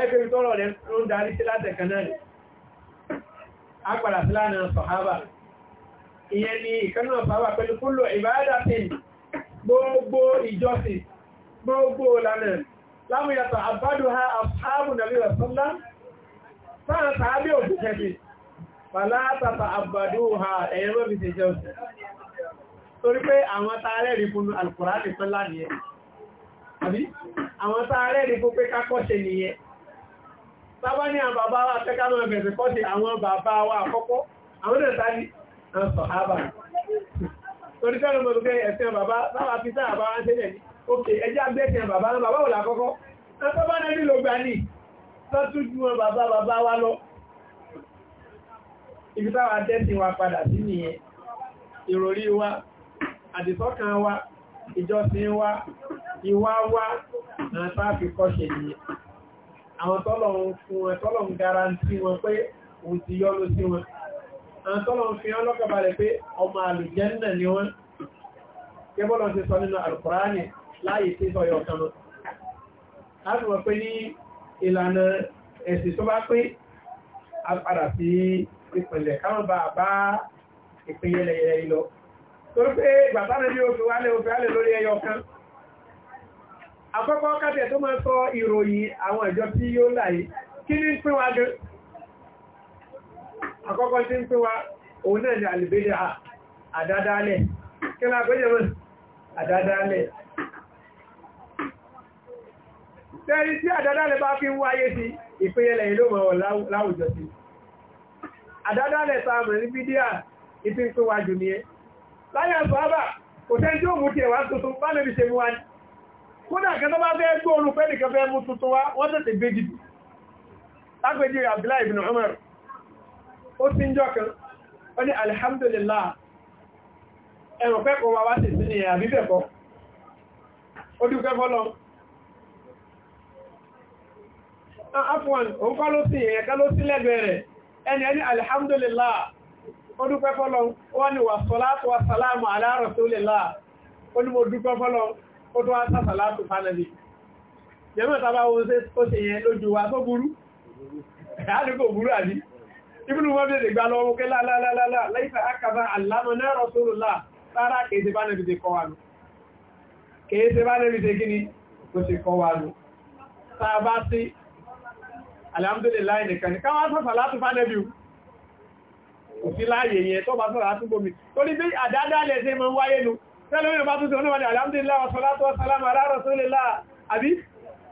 S1: ẹgbẹ́ tọ́rọ̀ rẹ̀ ń darí sí látẹ̀kanáà rẹ̀ rẹ̀ ìyẹn ni ìkanáà sábà pẹ̀lú kúlò ìbáyádàtìn gbogbo ìjọsìn gbogbo lànà lámúyàtọ̀ àbádùhá àbábù nàbí ọ̀sánlá sáà sàábí òfìṣẹ́ sí pàlátàtà àbádùhá ẹ̀yẹn mọ́ fi ṣe jẹ́ òṣì torí pé àwọn tààrẹ rí fún alkùránì pẹ́ lánìyẹn àbí àwọn tààrẹ rí fún pé kákọ́ṣe nìyẹn sábá ní àwọn bàbá wa tẹ́ká náà bẹ̀rẹ̀ kọ́ṣe àwọn bàbá wa àkọ́kọ́ àwọn ẹ̀ta ni àwọn sọ̀hábà oníkẹ́rin mọ̀ lókè ẹ̀sìn bàbá báwa fi sáà bá wọ́n tẹ́lẹ̀ ní òkè ẹjá gbẹ́sìn bàbá náà bàbá wò lákọ́kọ́ ẹ̀kọ́ bá nẹ́bí ló gbà ní lọ́tún ju wọn bàbá bàbá wa lọ ibi táwa tẹ́sìn wa padà sí nìyẹn ìròrí wa àdìsọ́kàn wa ìjọsìn wa ìwà wa àtà àfikọ́ṣẹ̀ nìyẹn àwọn tọ́lọ̀ ń fún wọn tọ́lọ̀ ń garanti wọn pé òun ti yọ́ lọ sí wọn àtọ́lọ̀ fi hàn lọ́kàbalẹ̀ pé ọmọ àlùjẹ́nà ni wọ́n kébọ́lọ̀ ti sọ nínú alkùránì láyé tí sọ yọ kan a ti mọ̀ pé ní ìlànà ẹ̀sì tó bá pé a padà sí ìpìnlẹ̀ káwọn bá bá ìpìnyẹlẹ̀yẹ lọ torí pé bàtánà ní oṣù wálé oṣù wálé lórí ẹyọ kan àkọ́kọ́ kátẹ̀ tó máa sọ ìròyìn àwọn ìjọ tí yóò láyé kí ní pín wá gan àkọ́kọ́ tí ń pè wá òun náà ni àlùbẹ́lẹ̀ àdádálẹ̀ kí lá pẹ́jẹ̀ mọ́ àdádálẹ̀ tẹ́rí tí àdádálẹ̀ bá fi ń wáyé sí ìpínyẹlẹ̀ ìlú mọ̀ láwùjọ sí àdádálẹ̀ sáàmù ní bídíà ìpín pín wájú ní ẹ láyé sọ́ábà kò tẹ́ tí ó mú tí ẹ̀wà tuntun bá lè ṣe mú wá ní kódà kan tó bá fẹ́ gbóòrùn pẹ́ nìkan fẹ́ mú wá wọ́n tẹ̀tẹ̀ Abdullahi ibn Umar ó sí ń jọ́kan ó ní alhamdulillah ẹ̀rùn pẹ́kọ̀ọ́ wa wá sí sí ní àbíbẹ̀kọ́ ó dúpẹ́ fọ́lọ́ afwan òun kọ́ ló sí ẹ̀ẹ́ká ló sí lẹ́gbẹ̀ẹ́ rẹ̀ ẹni ẹni alhamdulillah ó dúpẹ́ fọ́lọ́ ó ní wà sọ́látù wà sàlámù ala rasulillah ó ní mo dúpẹ́ fọ́lọ́ ibùdó wọ́n bèèrè gbà lọ́wọ́ kí lálálálá láìsà àkàbà àlámọ́ náà Rasulullah sára kèèsè bá nẹ́bìdè kọwàlú kèèsè bá nẹ́bìdè gíní kò sí kọwàlú sáàbá sí alhamdulillah nìkan ní káwọn sọ́fà látù bá nẹ́bì kò sí láàyè yẹn tó bá sọ́rọ̀ àtúgbòmí torí bí àdádálẹ̀ sí mọ́ wáyé nu tẹ́lómi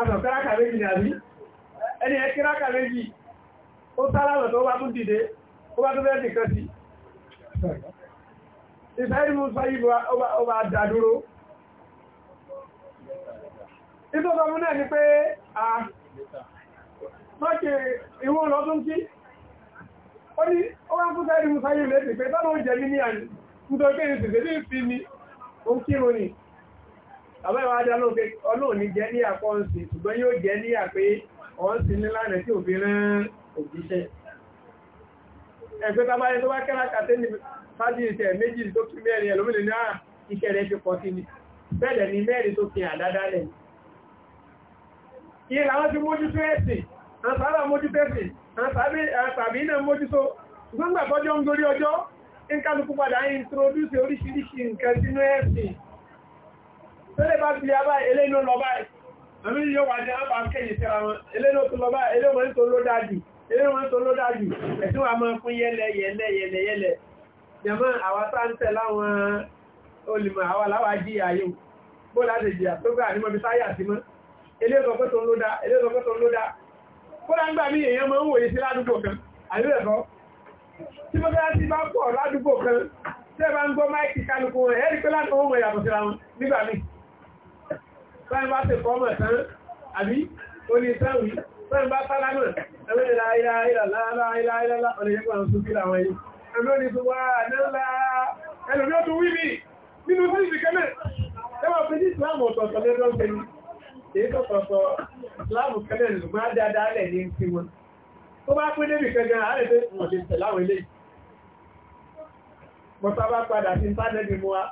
S1: àmọ̀kíráka méjì ní àbí ẹni ẹ kíráka méjì ó sálámọ̀ tó bá tún dìde ó bá tún bẹ́ẹ̀ nìkan sí ìfẹ́rí mú sọ ìbò ọba dàdúró ìtò bá mú náà ni pé a mọ́kè ìwọ̀n lọ́tún kí ó ní ó wá fún sẹ́rí mú sọ ìbò lẹ́sì pé tọ́nà ó jẹ́ mí ní àní nítorí pé ìsìnkú sí ní àbẹ́wà ajá ọlọ́run ní jẹ́ ní àpọ́ ǹsì ṣùgbọ́n yóò jẹ́ ní àpé ọ̀ǹsì nílànà tí òfin rán òjíṣẹ́ ẹgbẹ́ tàbáyé tó bá kẹ́lá kàtẹ́ ní fájíṣẹ́ méjì tó kí mẹ́rin ẹlòmìnì náà iṣẹ́ rẹ̀ ti pọ̀ sí ni bẹ́ẹ̀dẹ̀ ni mẹ́rin tó fi àdádá lẹ̀ kí làwọn ti mójútó ẹ̀sìn àtàrà mójútó ẹ̀sìn àtàbí iná mójútó gbọ́ngbà tọ́jọ́ ń gorí ọjọ́ ń kálukú padà introduce oríṣiríṣi nǹkan sínú ẹ̀sìn tẹ́lẹ̀ bá fi abá eléno lọ báyìí àmì yóò wà ní àbá kéyì síra wọn eléno tó lọ báyìí eléno wọn tó ló dájú eléno wọn tó ló dájú ẹ̀tí wà máa fún yẹlẹ yẹlẹ yẹlẹ yẹlẹ jẹmọ́ àwa sáńtẹ̀ láwọn olùmọ̀ àwa láwà jí àyò bó láti jìyà tó gbà nímọ̀ bí sáyà sí mọ́ eléno kó tó ló dá eléno kó tó ló dá kó láńgbà mí èèyàn máa ń wòye sí ládùúgbò kan àyúrẹ̀kọ́ tí mo bá ti bá pọ̀ ládùúgbò kan tẹ́ bá ń gbọ́ máìkì kálukú rẹ̀ ẹ́rì pé láti ọmọ ìyàtọ̀ síra wọn nígbà míì sáyẹn bá ti kọ́ mọ̀ tán àbí ó ní sáwì sáyẹn bá sálá náà ẹgbẹ́ ìlà ìlà ìlà láàlá ìlà ìlà ìlà ọ̀nà ìyẹ́kọ̀ àwọn sókè làwọn yìí ẹgbẹ́ ní tiwa nílá ẹlòmí ó tún wí mi nínú sí ìdíkẹ́lẹ̀ ẹwà fi ní ìsìláàmù ọ̀tọ̀ọ̀tọ̀ lẹ́dọ̀ kẹ́ni èyí tó kọ̀ọ̀tọ̀ ìsìláàmù kẹ́lẹ̀ lùgbọ́n á dáadáa lẹ̀ ní ti wọn tó bá pín débi kẹjọ àárẹ̀ tó mọ̀ ṣe tẹ̀ láwọn eléyìí mọ̀tá bá padà sí ìtánẹ́bì mu wa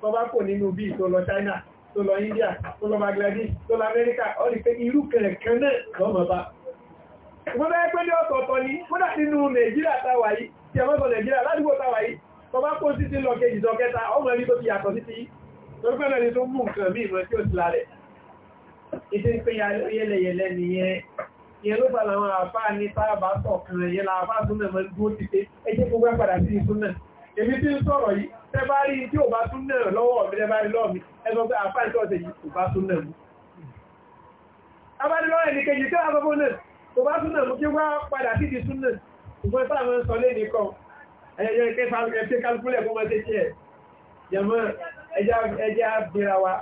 S1: tó bá kò nínú bí ìtò lọ China tó lọ India tó lọ Bangladesh tó lọ Amẹ́ríkà ọ̀rí pé irú kẹ̀kẹ́ náà lọ́mọ̀ bá wọ́n bẹ́ẹ̀ pé ní ọ̀tọ̀ọ̀tọ̀ ni wọ́n dà nínú Nàìjíríà táwà yìí tí a mọ́tọ̀ Nàìjíríà ládùúgbò táwà yìí tó bá kó sí ti lọ kejì tó kẹta ọmọ ẹni tó ti yàtọ̀ sí ti torí pé náà ni tó mú nǹkan mí ìmọ̀ tí ó ti lálẹ̀ ìṣe pé yẹlẹyẹlẹ nìyẹn ìyẹn ló fà làwọn àfáà ní táàbà sọ̀kan ẹ̀yẹ làwọn àfáà súnmọ̀ ẹ̀mọ́ dúró ti pé ẹ jẹ́ gbogbo padà sí ìsúnmọ̀ èmi tí ń sọ̀rọ̀ yìí tẹ bá rí tí ò bá tún náà lọ́wọ́ mi lẹ́bá rí lọ́wọ́ mi ẹgbọ́n pé àpá ìtọ́ọ̀tẹ̀ yìí kò bá tún náà mú. abánilọ́wọ́ ẹni kejì tí wọ́n fọ́fọ́ náà kò bá tún náà mú kí wá padà sí ti tún náà ṣùgbọ́n tá àwọn sọ lé nìkan ẹ̀yẹ ẹ̀kẹ́ kálukúlẹ̀ wa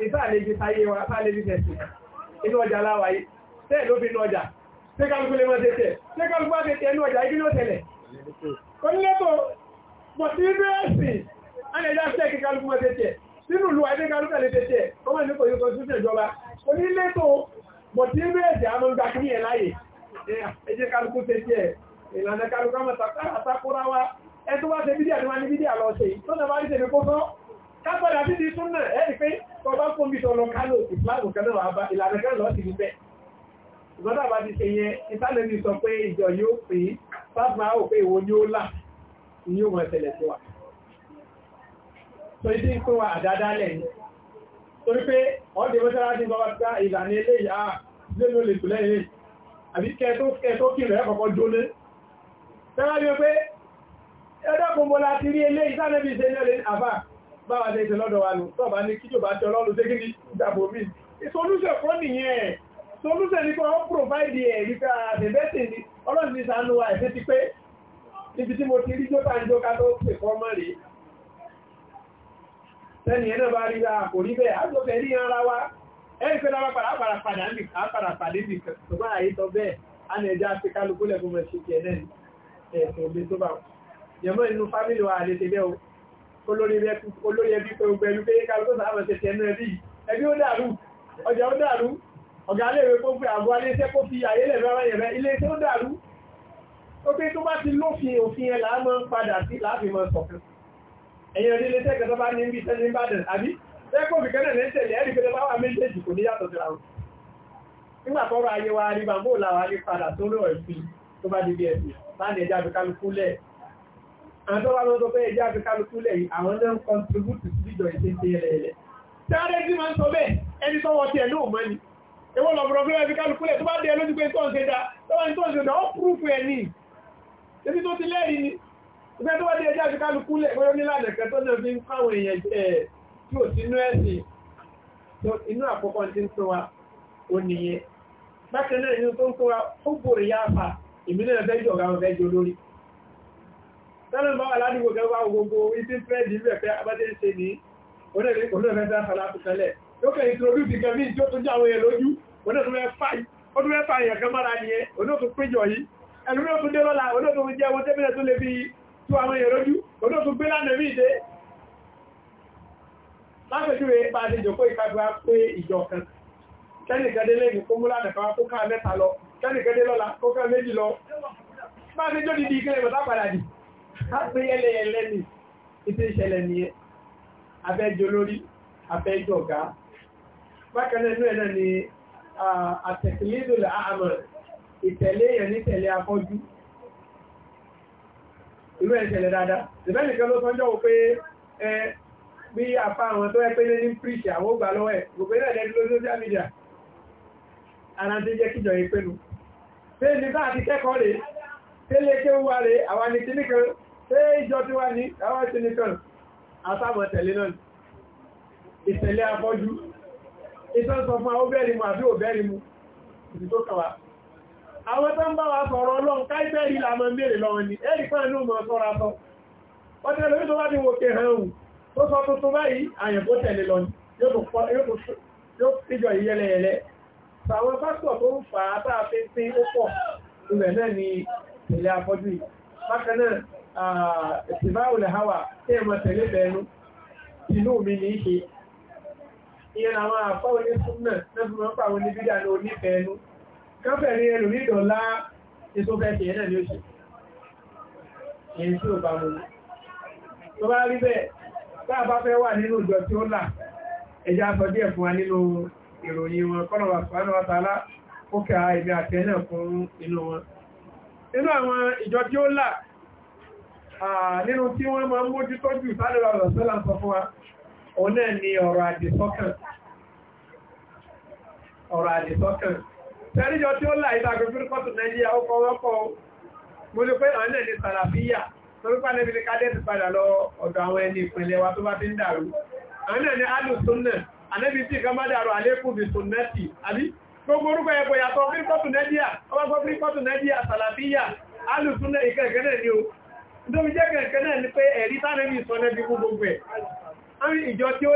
S1: ìfẹ́ àlejò sáyé wa fẹ́ àlejò tẹ̀sí inú ọjà láwa yìí tẹ́ẹ̀ ló fi inú ọjà tẹ́kálukúlẹ̀ mọ́ tẹ́tí ẹ̀ tẹ́kálukúlẹ̀ mọ́ tẹ́tí ẹ̀ Bọ̀ sí inú a lè dáṣẹ́ kí kálukú mọ́ tẹ́tẹ́. Sínú ìlú àìdé kálukú lè tẹ́tẹ́, ó mọ̀ ní kò yóò kọ́sùn ìjọba. Onílé tó, bọ̀ sí inú ẹ̀sìn, a mọ́ gbà kí ní ẹ̀ láyè. Ẹ jẹ́ kálukú tẹ́tẹ́, ìlànà kálukú mọ̀ sàkúrà wa. Ẹ tó bá ṣe bídíà tó wá ní bídíà lọ ṣe, tó nà bá rí ṣe ní kókó. Kápadà sí ti tún náà, ẹ̀rì pé tó bá fún mi sọ̀rọ̀ kálò ìfúláàmù kan náà wà ìlànà kan lọ́ọ̀tì níbẹ̀. Ìgbọ́dọ̀ bá ti ṣe yẹn, ìtàlẹ́bí sọ pé ìjọ yóò pín, fásitì máa ò pé ìwo ni ó là ní ó mọ̀ ẹ̀sẹ̀lẹ̀ tó wà so ìdí tó wà àdáadáa lẹ́yìn torí pé ọ́dẹ̀ mọ́sára ní bọ́bá tá ìlànà ah, ilé ìyá lélò lè tù lẹ́yìn àbí kẹ́ẹ̀tọ́ kí rẹ̀ kọ̀kọ́ jóné tẹ́lá bí pé ẹ̀dọ́kùn bọ́lá ti rí ilé ìsánẹ́bí ṣe ní ọlẹ́ àbá báwa ṣe lọ́dọ̀ wa nù tọ́ọ̀bá ní kíjọba jọ lọ́rùn dégídí ìdàbò mi ìsolúṣẹ̀ fọ́ nìyẹn solúṣẹ̀ ní kọ́ provide ẹ̀rí ká àtẹ̀bẹ́sìn ah, ni ọlọ́run ti sànú wa ẹ̀fẹ́ ti pé níbi tí mo ti rí tó tàǹjọ́ká tó pè kọ́ mọ́ rí tẹ́ni ẹ̀nà bá rí ra kò rí bẹ́ẹ̀ àjọ́fẹ́ rí ara wa ẹ̀rí pé lára pàdà pàdà ní àpàdà pàdé ní ṣùgbọ́n àyè tọ́ bẹ́ẹ̀ a ní ẹja ti kálukú lẹ́kùn mọ̀ ṣe kẹ̀ẹ́ náà ẹ̀sùn omi tó bá yẹmọ́ inú fámìlì wa àlè ti bẹ́ o olórí ẹbí pé ogun ẹbí pé kálukú sáàmù ṣe tẹ̀ náà bí ẹbí ó dàrú ọjà ó dàrú ọ̀gá léèwé kó fi àgọ́ alé iṣẹ́ kó fi àyè lẹ̀ tó pé tó bá ti lófin òfin ẹ̀ láàmọ́ padà sí láàfin mọ́ sọ̀kan ẹ̀yìn ọdí ilé tẹ́kẹ̀ tó bá ní ibi tẹ́lẹ̀ ìbàdàn àbí tẹ́kọ̀ fi kẹ́lẹ̀ lẹ́tẹ̀lẹ̀ ẹ̀rí pé bá wà méjèèjì kò ní yàtọ̀ síra wọn nígbà tọrọ ayé wa rí bàbá òlà wa rí padà tó lọ ẹ̀sìn tó bá di bí ẹ̀sìn láti ẹjá fi kálukú lẹ̀ àwọn tó bá lọ sọ pé ẹjá fi kálukú lẹ̀ yìí àwọn náà ń kọntribútù sí ìjọ ìṣẹ́ṣe ẹlẹ́ẹ̀lẹ́ tí a rẹ́ sí máa ń sọ bẹ́ẹ̀ ẹni tọ́wọ́ tiẹ̀ náà mọ́ ni èwo lọ́gbọ̀rọ̀ bí wọ́n fi kálukú lẹ̀ tó bá dé ẹ lójú pé tó ń ṣe dá tó bá ń tó ń ṣe dá ó púrúfù ẹ̀ níì títí tó ti lẹ́yìn ni ìgbẹ́ tó wọ́n dé ẹjá ti kálukú lẹ̀ pé ó ní ládẹ̀kẹ́ tó náà fi ń káwọn èèyàn jẹ́ ẹ̀ tí ò sí inú ẹ̀sìn inú àkọ́kọ́ ti ń tó wa ó nìyẹn bákan náà inú tó ń tó wa ó gbòòrò yá pa ìmílẹ̀ ẹ̀fẹ́ jọ ọ̀gá ọ̀fẹ́ jọ lórí tẹ́lẹ̀ bá wà ládùúgbò kẹ́ bá gbogbo ibi fẹ́ẹ̀dì ìlú ẹ̀fẹ́ abájẹ́ ń ṣe ní onílẹ̀-ẹ̀fẹ́ dá fà yẹn ẹlùmí ó tún dé lọ́la olóòtú jẹ́ owó tẹ́bílẹ̀ tó lè fi tú àwọn èèyàn lójú olóòtú gbé lánà mí dé lápẹjúwe bá ti jòkó ìkàgbà pé ìjọ kan kẹ́nìkẹ́dé lẹ́yìn kó mú lánà kan kó ká mẹ́ta lọ kẹ́nìkẹ́dé lọ́la kó ká méjì lọ bá ti jó dìdí ìkẹ́lẹ̀ mọ̀tá padà dì á pé yẹ́lẹ̀yẹ̀lẹ́ ni ìtí ìṣẹ̀lẹ̀ nìyẹn abẹ́jọ lórí abẹ́jọ ọ̀gá àmọ̀rẹ̀ ìtẹ̀lé èèyàn ní tẹ̀lé afọ́jú irú ẹ̀ṣẹ̀lẹ̀ dáadáa ìbẹ́nìkan ló sọ́jọ́ wò pé ẹ bí apá àwọn tó ẹgbẹ́ ní príṣì àwọn ògbà lọ́wọ́ ẹ̀ gbogbo ilẹ̀ ẹ̀dẹ́ lórí social media ara ti jẹ́ kíjọ yìí pẹ̀lú pé ní bá àti kẹ́kọ̀ọ́ rẹ̀ pé lè ké wà rẹ̀ àwọn ní kíníkan ìtẹ̀lé afọ́jú ìtọ́ fún àwọn obẹ́rin mu àbí obẹ́rin mu ìdí tó kàn àwọn tó ń bá wa sọ̀rọ̀ ọlọ́run káìbẹ̀rí làmọ́ mẹ́rẹ̀ lọ́wọ́ ni ẹ̀rì pẹ́ẹ̀lú mọ́ sọ́ra sọ ọdún ẹlòmí tó bá ní wòkè hàn hù tó sọ tuntun báyìí àyẹ̀bó tẹ̀lé lọ ni yóò tíjọ ìyẹlẹ̀yẹlẹ àwọn pásítọ̀ ni ilẹ̀ afọ́jú bákan náà ìsìnbáwò lè háwà tí ẹ̀mọ̀ tẹ̀lé bẹ̀ẹ́nu inú mi ní ṣe ìyẹn àwọn àfáwọn onísúnnà náà fi mọ́ pàwọn oníbídà ní káfẹ̀ ní ẹlù ní ìdọ̀lá ètò fẹ́ẹ̀kì ẹ̀nà ní oṣù èyí tí ó bá mú tó bá rí bẹ́ẹ̀ táà bá fẹ́ wà nínú ìjọ tí ó là ẹjá sọ díẹ̀ fún wa nínú ìròyìn wọn kọ́nàwà sọ́nàwà tààlá ó kẹ́ ibi àtẹ́ náà fún inú wọn nínú àwọn ìjọ tí ó là nínú tí wọ́n máa ń mójútó jù sálẹ́lá ọ̀rọ̀ sọ́lá sọ fún wa òun náà ọ̀rọ̀ àdìsọ́kàn tẹ́ríjọ tí ó là ìdàgbé fúrúkọ́tù nàíjíríà ó kọ́ wọ́pọ̀ mo lè pé àwọn ẹ̀lẹ́ sàràfíyà torípa níbi ní kádẹ́tì padà lọ ọ̀dọ̀ àwọn ẹni ìpínlẹ̀ wa tó bá ti ń dàrú àwọn ẹ̀lẹ́ alùsùnnà ànẹ́bí tí kan bá dàrú àlékù bí sunnati àbí gbogbo orúkọ ẹ̀kọ́ yàtọ̀ fúrúkọ́tù nàíjíríà ọba gbọ́ fúrúkọ́tù nàíjíríà sàràfíyà alùsùnnà ìkẹ̀kẹ́ náà ni ó nítorí jẹ́ kẹ̀kẹ́ náà ni pé ẹ̀rí tánẹ́bí sọ nẹ́bí gbogbo ẹ̀ àwọn ìjọ tí ó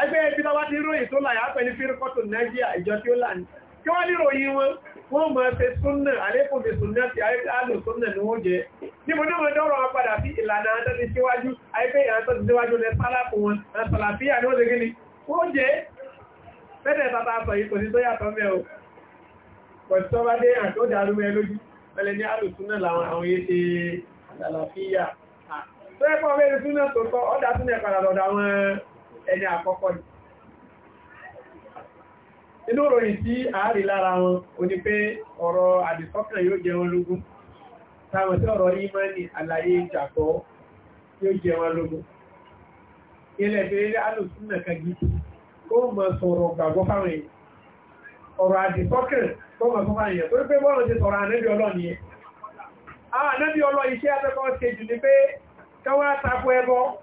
S1: ẹgbẹ́ ibi tọ́wá ti ròyìn tó láyá pẹ̀lú fírkọ́tù nàíjíríà ìjọ tí ó láàrín kí wọ́n ní ròyìn wọn wọ́n mọ̀ ṣe súnnà àlékòbè súnnà ti àlò súnnà ní wọ́n jẹ́ níbo ní wọ́n dọ́rọ̀ wọn padà sí ìlànà àtọ́sí síwájú àìpẹ́ ìrántọ́sí síwájú lẹ sálàpù wọn àtàlàfíà ní oṣù gíní wọ́n jẹ́ pẹ́tẹ̀ tata sọ yìí kò sí tó yàtọ̀ mẹ́ o pẹ̀lú tó bá dé àti ó ẹ̀kọ́ mẹ́rin wọn ẹni àkọ́kọ́ ni inú ròyìn tí àárí lára wọn o ní pé ọ̀rọ̀ àdìsọ́kàn yóò jẹ wọn lógún táwọn tí ọ̀rọ̀ ìmánì àlàyé ìjàkọ́ yóò jẹ wọn lógún ilẹ̀ ìfèrè alùsùnà kagí kó mọ̀ sọ̀rọ̀ gbàgbọ́ fáwọn èèyàn ọ̀rọ̀ àdìsọ́kàn kó mọ̀ fún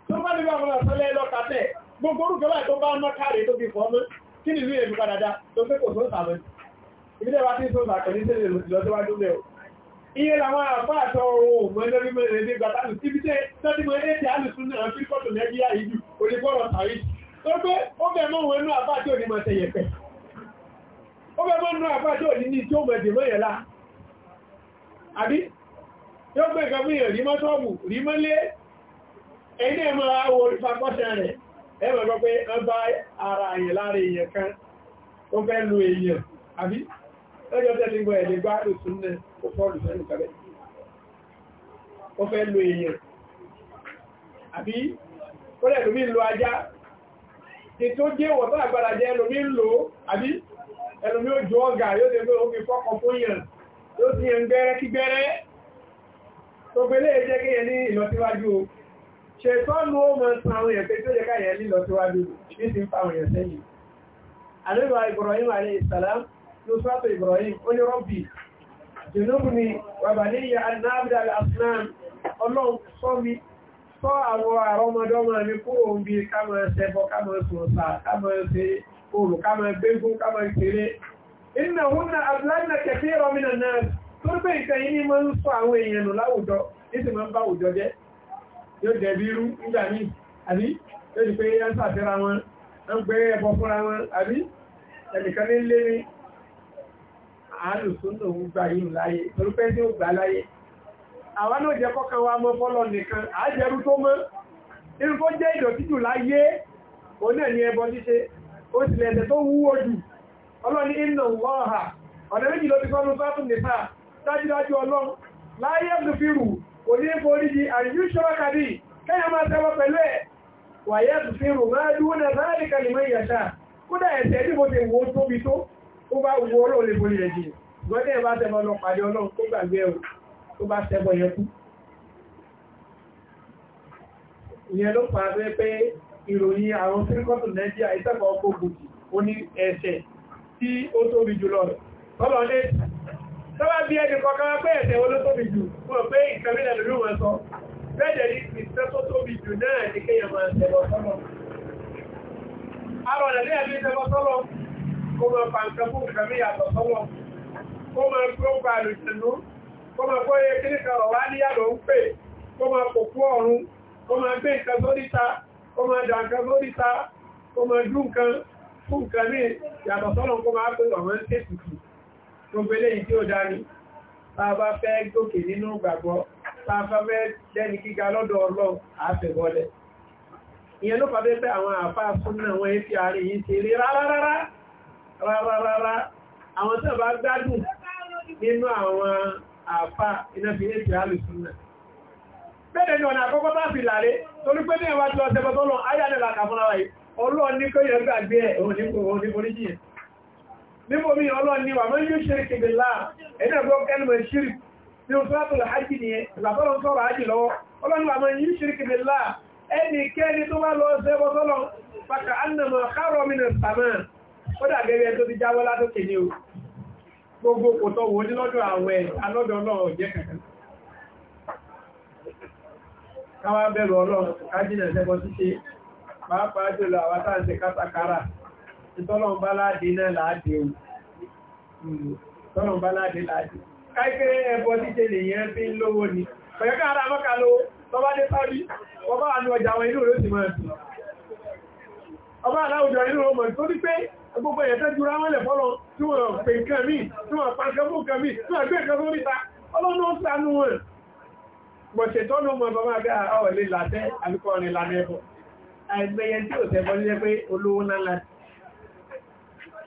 S1: tó bá nígbà mọ́ ọ̀sọ́lẹ́ lọ́kàtẹ̀ gbogbo orúkọ láì tó bá ń náà káàrẹ̀ tó fi fọ́ mú kí ni ìlú èmi padà dá tó fẹ́ kò tó sàmì ìbílẹ̀ wá tí tó sàkọ̀ ní sílẹ̀ lọ́síwájú mẹ́ o iye làwọn àfá àtọ ohun mọ́ lórí mẹ́rin ní gbàtàlù tí bíjẹ́ tọ́tí mọ́ ètì alùsùn náà sí kọ́tù lẹ́gbíyà ìlú onígbọ́rọ̀ tàrí tó pé àbí yóò gbẹ̀gbẹ̀ mú yẹ̀ rí rí mọ́lé ẹni ẹ̀mọ́ àwọ̀ olùfàkọ́sẹ̀ rẹ̀ ẹ̀mọ̀ gbọ́ pé ọ bá ara èèyàn lára èèyàn kan ó fẹ́ lu èèyàn àbí lọ́jọ́ tẹ́lẹ̀ gbọ́ ẹ̀lẹ́ gbá lòsùn náà ó fọ́ọ̀lù sẹ́nu kẹ́lẹ̀ ó fẹ́ lu èèyàn àbí ó lẹ̀ lómi lu ajá ti tó dé wọ̀tọ́ àgbàrá jẹ́ ẹlòmí ń lò àbí ẹlòmí ó jù ọ̀gà yóò lè gbé omi fọ́kọ̀ fún yàn yóò sì yàn gbẹ́rẹ́ kí gbẹ́rẹ́ gbogbo eléyìí jẹ́ kéèyàn ní ìlọsíwájú o ṣètọ́nù ó mọ̀ sàn àwọn èèyàn pé tó yẹ káyẹ̀ lílọ síwájú ní ti ń fa àwọn èèyàn sẹ́yìn àlébà Ibrahim alẹ́ ìsàlám ló sọ́tọ̀ Ibrahim ó ní rọ́bì jùnúbùnì wàbàníyà anábìdà asnam ọlọ́run sọ́ mi sọ́ àwọn àrọmọdọ́mọ mi kúrò ń bí kámọ̀ ṣẹbọ kámọ̀ sọ̀sà kámọ̀ ṣe òrù kámọ̀ gbégún kámọ̀ kéré iná húnna abúláńnà kẹfẹ́ rọmìnà náà tó pé ìkẹyìn yóò dẹ̀bi irú nígbà míì àbí yóò di pé yẹn ń sàfẹ́ra wọn ń gbé ẹbọ fúnra wọn àbí ẹnìkan ní lé ní àálùsùn lòun gbà yìí láyé olùpẹ́ tí ó gbà láyé àwa náà jẹ́ kọ́kàn wa mọ́ fọ́lọ́ nìkan àájẹrú tó mọ́ irú tó jẹ́ ìdọ̀tí jù láyé òun náà ní ẹbọ ṣíṣe ó sì lẹ̀ẹ̀sẹ̀ tó wúwo jù ọlọ́ni iná wọ́ọ̀hà ọ̀nà méjì ló ti kọ́ kò ní borí di àyíṣọ́ kàbí kẹ́yà máa tẹ́wọ́ pẹ̀lú ẹ̀ wàyẹ́ fífìrù máa dúró náà láàrín kalimọ̀ ìyàṣà kódà ẹ̀sẹ̀ ní mo ti wo tóbi tó ó bá wo ọlọ́run lè borí rẹ̀ jì gbọ́dẹ̀ bá tẹ́bọ̀ lọ pàdé ọlọ́run tó gbàgbé ẹ̀rù tó bá ní ẹ̀sẹ̀ tí ó tóbi jùlọ rẹ̀ tọ́lọ́ Tọ́bá bí ẹni kọkàrá pé ẹ̀tẹ̀ olótóbi jù mọ̀ pé ìkàmílẹ̀ lórí wọn sọ. Bẹ́ẹ̀dẹ̀ ní ìsẹ́ tó tóbi jù náà ní kéyàn máa tẹ̀lọ sọ́lọ. Arọ̀ lẹ́lẹ́ ẹ̀bí tẹ̀lọ sọ́lọ, kó máa pàǹkà fún ìkàmí yàtọ̀ sọ́lọ. Kó máa kó pa àlùjẹ̀nú, kó máa kó yẹ kíní kan ọ̀wá ní yàtọ̀ ń pè, kó máa kò kú ọ̀run, kó máa gbé nǹkan sóríta, kó máa dà nǹkan sóríta, kó máa dún nǹkan fún nǹkan ní yàtọ̀ sọ́lọ kó máa pè gbogbo eléyìí tí ó dání bàbá fẹ́ gòkè nínú gbàgbọ́ bàbá fẹ́ dẹ́ni gíga lọ́dọ̀ ọlọ́run àfẹ́bọ́lẹ̀ ìyẹn ló fàbẹ́ pé àwọn àfáà fún náà wọ́n fi àárín yìí ti rí rárárárá àwọn tí ọba gbádùn nínú àwọn àfáà iná fi èsì àlùsùn náà bẹ́ẹ̀ ni ọ̀nà àkọ́kọ́ bá fi làrí torí pé ní ẹwà tí ọ̀sẹ̀ bọ́tọ́lọ̀ ayánilà kàfúnra wáyé ọlọ́ọ̀ ní kó yẹ gbàgbé ẹ̀ òun ní oríjìyàn níbo mi ọlọ́run ni wà mọ́ yóò ṣe kèbè láà ẹ̀dẹ́ ọgbọ́ kẹ́lùmọ̀ ṣírí ní oṣù látọ̀lọ̀ hajji ni ìgbàtọ́lọ̀ sọ́rọ̀ hajji lọ́wọ́ ọlọ́run wà mọ́ yóò ṣe kèbè láà ẹni kẹ́ni tó wá lọ sẹ́bọ́sọ́lọ̀ pàtà annàmọ̀ kárọ̀ mi nà sàmà ó dà gẹ́gẹ́ tó ti jáwọ́ látòkè ní o gbogbo kò tọ́ wò ní lọ́dọ̀ àwẹ̀ alọ́dọ̀ náà jẹ́ kankan káwá bẹ̀rù ọlọ́run kájínà sẹ́bọ́ ṣíṣe pàápàá ìtọ́lọ̀mbá láàdé náà láàdé o ìtọ́lọ̀mbá hmm, láàdé láàdé káìkiri ẹbọ títẹ lèyàn fi ń lówó ni pẹ̀lẹ́kà ara mọ́ka lówó tọba dé sábí ọba àánú ọjà wọn inú rẹ̀ sì máa tù ọba aláwùjọ inú rẹ̀ mọ̀ tó ní pé gbogbo ẹ̀yẹ̀ tẹ́jú ra wọ́n lẹ̀ fọ́lọ tí wọ́n pè nǹkan mí tí wọ́n pa nǹkan fún nǹkan mí tí wọ́n gbé nǹkan tó níta ọlọ́nà ń sanú wọn gbọ̀ṣẹ̀ tọ́nu mọ̀ bàbá bí àwọ̀lé làtẹ́ àbíkọ́ ọ̀rìn lànà ẹ̀bọ̀ àìgbẹ̀yẹn tí ò tẹ́bọ́ nílẹ̀ pé olówó náà láti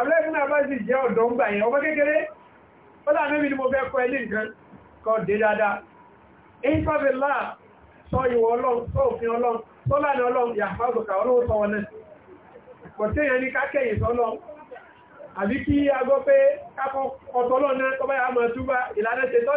S1: abúlẹ́gbùn náà bá sì jẹ́ ọ̀dọ́ ń gbà yẹn ọmọ kékeré ó láàrín mẹ́bí ni mo fẹ́ kọ ilé nǹkan kọ dé dáadáa in fàbílá sọ ìwọ̀ ọlọ́run sọ òfin ọlọ́run sọ láàrín ọlọ́run yàfáàzùkà ọlọ́run sọ wọn náà kò tí èèyàn ní kákẹ́yìn sọ́lọ́ àbí kí agọ́ pé kápọ̀ ọ̀tọ́lọ́ náà tọ́bá yà mọ̀ túbá ìlànà ṣe tọ́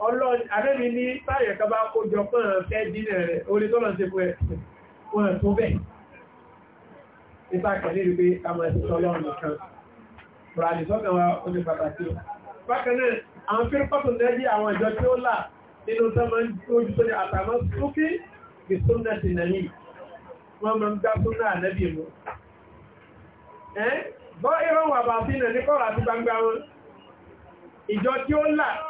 S1: Àrẹ́mi ní táyẹ̀ kan bá kójọ pọ́n fẹ́ dínà rẹ̀, orí tó lọ́n ti fún ẹ̀ wọ́n tó bẹ̀. Ìtàkẹ̀ ní wípé àmà ìsìnkọ́ lọ́rùn nìkan. Bùràdì sọ́kàn wa ó ní pàtàkì. Bákan náà, àwọn fírpọ̀tù lẹ́jí àwọn ìjọ tí ó là nínú sọ́mọ́ ojú tó ní àtàmọ́ sókè bí súnnà sí nà yìí. Wọ́n máa ń gbá súnnà ànẹ́bì mú. Bọ́ ìrọ̀wọ̀ àbàfin nà ní kọ́rọ̀ àti gbangba wọn. Ìjọ tí ó là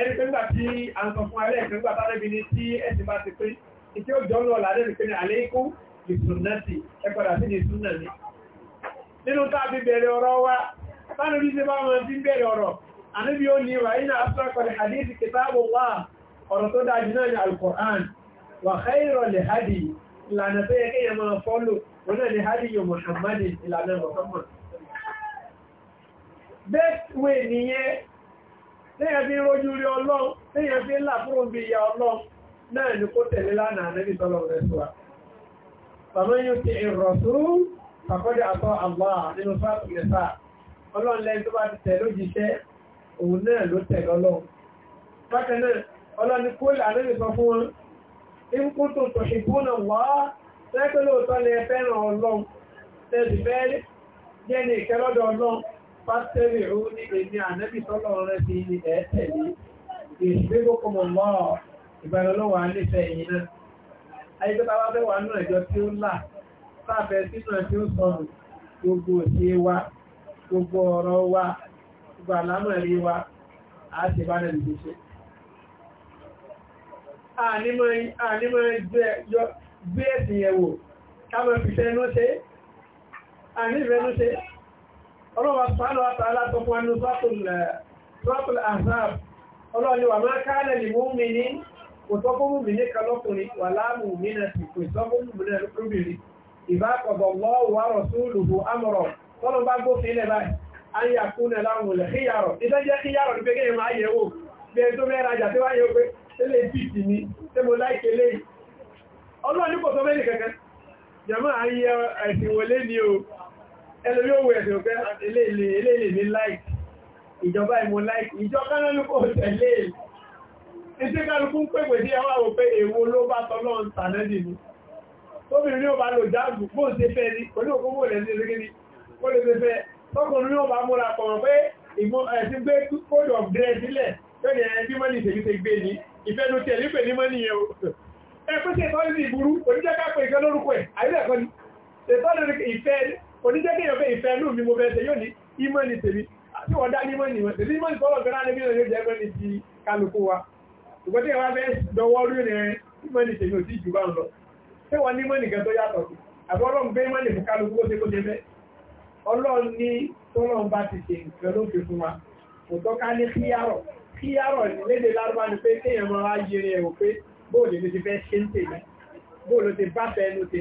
S1: ẹni pé nígbà tí a ń sọ fún alẹ́ ìpín nígbà tálẹ́bí ni tí ẹ̀sìn bá ti pé ìtí ó jọ ń lọ làdé nìpé ní alẹ́ ikú ìsúnnẹ́sì ẹ padà sí ní ìsúnnà ni nínú tá a fi bẹ̀rẹ̀ ọ̀rọ̀ wa sánú bí ṣe bá wọn fi bẹ̀rẹ̀ ọ̀rọ̀ àníbi ó ní wà nínú asúrakọ̀lẹ̀ hadith kìtàbù wà ọ̀rọ̀ tó dájú náà ní alukur'an wà kẹ́rọ̀ lè hadi ìlànà tó yẹ kéèyàn máa fọ́lò wọn náà ní hadi yóò muhammadin ìlànà muhammad Níyẹ̀ bí rójú rí ọlọ́run, níyẹ̀ bí ńlá fún oúnjẹ ìyá ọlọ́run náà ni kó tẹ̀lé lánàá ní ìtọ́lọ̀ rẹ̀ sọ́wà. Bàbá yóò ti ìrọ̀sùrú àkọ́dẹ̀ àtọ́ àgbà nínú fásitì pàtẹ́rì rú ní èmi ànẹ́bì tọ́lọ̀ rẹ̀ ti ẹ̀ẹ́tẹ̀lé ìṣẹ́gbókòmọ̀ mọ́ ìbẹ̀rẹ̀lọ́wà nífẹ̀ẹ́ yìí náà ayébẹ́ta wá bẹ́wà náà ìjọ tí ó là sáàfẹ́ sínú ẹ̀ tí ó sọ̀rọ̀ gbogbo òṣè wa gbogbo ọ̀rọ̀ wa gbogbo àlámọ̀rí wa a ti bá nẹ̀ lè ṣe ànímọ̀ gbé ẹ̀sìn yẹ̀wò ká ọlọ́wọ́ sọ́lọ́ àtàlá tó fún ẹnu sọ́tùl àzáàb ọlọ́ni wà máa káàlẹ̀ lè múmi ní kò sọ́kún múmi ní kalọ́kùnrin wà láàmù mí na sì kò sọ́kún múmi ní lóbìnrin ìbákọ̀bọ̀ lọ́wọ́ rọ̀ súlùú amọ̀rọ̀ tọ́lọ́ bá gbófin ilẹ̀ báyìí ayé àkúnẹ̀ láwọn olè kíyàrọ̀ ìdájẹ́ kíyàrọ̀ ní pé kéèyàn máa yẹ̀wò bí ẹ kò sọ mẹ́rin kẹ̀kẹ́ jẹ́mọ́ ayé ẹ̀sìn wọlé ni o ẹlòmí òwò ẹ̀sìn òfẹ́ eléèlè ní láìkì ìjọba ìmọ̀ láìkì ìjọ kánálùkò tẹ̀lé ìtí kálùkù ń pèpè sí ẹwà wò pé èwo ló bá tọ́lọ́ ń tànẹ́dì ní obìnrin ní ó bá lò dáàbù bó ṣe fẹ́ ní oní òkúrò lẹ́sí ìrìnkiri ó lè fẹ́ fẹ́ tọkùnrin ní ó bá múra pọ̀ pé ẹ̀sìn gbé code of dress sílẹ̀ lónìí ẹni bí mọ́nì ìṣèlú ti gbé ní ìfẹ́ ló tiẹ̀ nípe ní mọ́nì yẹn o ẹ pé ṣe tọ́lú ìburú oníjẹ́ká lórúkọ ẹ̀ àyílẹ̀ ni ṣe tọ́lú ìfẹ́ kò ní jẹ́ kí èèyàn pé ìfẹ́ inú mi mo fẹ́ ṣe yóò ní ìmọ̀ ní tèmi tí wọ́n dá ní ìmọ̀ ní ìwọ̀n tèmi ìmọ̀ ní tọ́lọ̀ gan-an níbi ìrìn jẹ́ mẹ́rin ti kálukú wa ṣùgbọ́n tí wọ́n fẹ́ dọwọ́ rí rẹ̀ ìmọ̀ ní tèmi ò sí jù bá ń lọ ṣé wọ́n ní ìmọ̀ nìkan tó yàtọ̀ sí àbọ̀rọ̀ ń gbé ìmọ̀ ní fún kálukú ó ṣe kó ṣe fẹ́ ọlọ́run ní tọ́lọ́run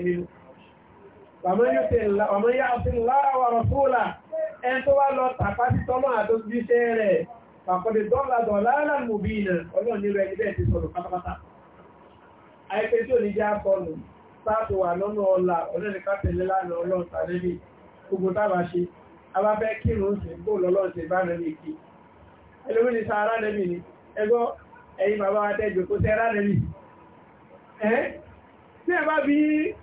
S1: bá ni wàmọ́ yá ọ̀sìn láwà rọ̀fúlà ẹn tó wá lọ tàpá sí tọ́mọ́ àtó bí iṣẹ́ rẹ̀ pàkọ́dé dọ́là dọ̀là lánàmù bí iná ọlọ́run ní rẹ̀ níbẹ̀ ti sọ̀rọ̀ pátápátá àìpé tí ò ní já sọnù sáàtò wà lọ́nà ọ̀la ọlọ́rin kátẹ̀lé lánàá ọlọ́run tàbí gbogbo tábà ṣe abáfẹ́ kírun sí bó lọ́lọ́run ti bá rẹ̀ nìkí ẹlòmí ni sa ara nẹ́bì ni ẹgbọ́ ẹ̀yin bàbá wa tẹ́jọ kó sẹ́ ara nẹ́bì ẹ́ tí ẹ bá bí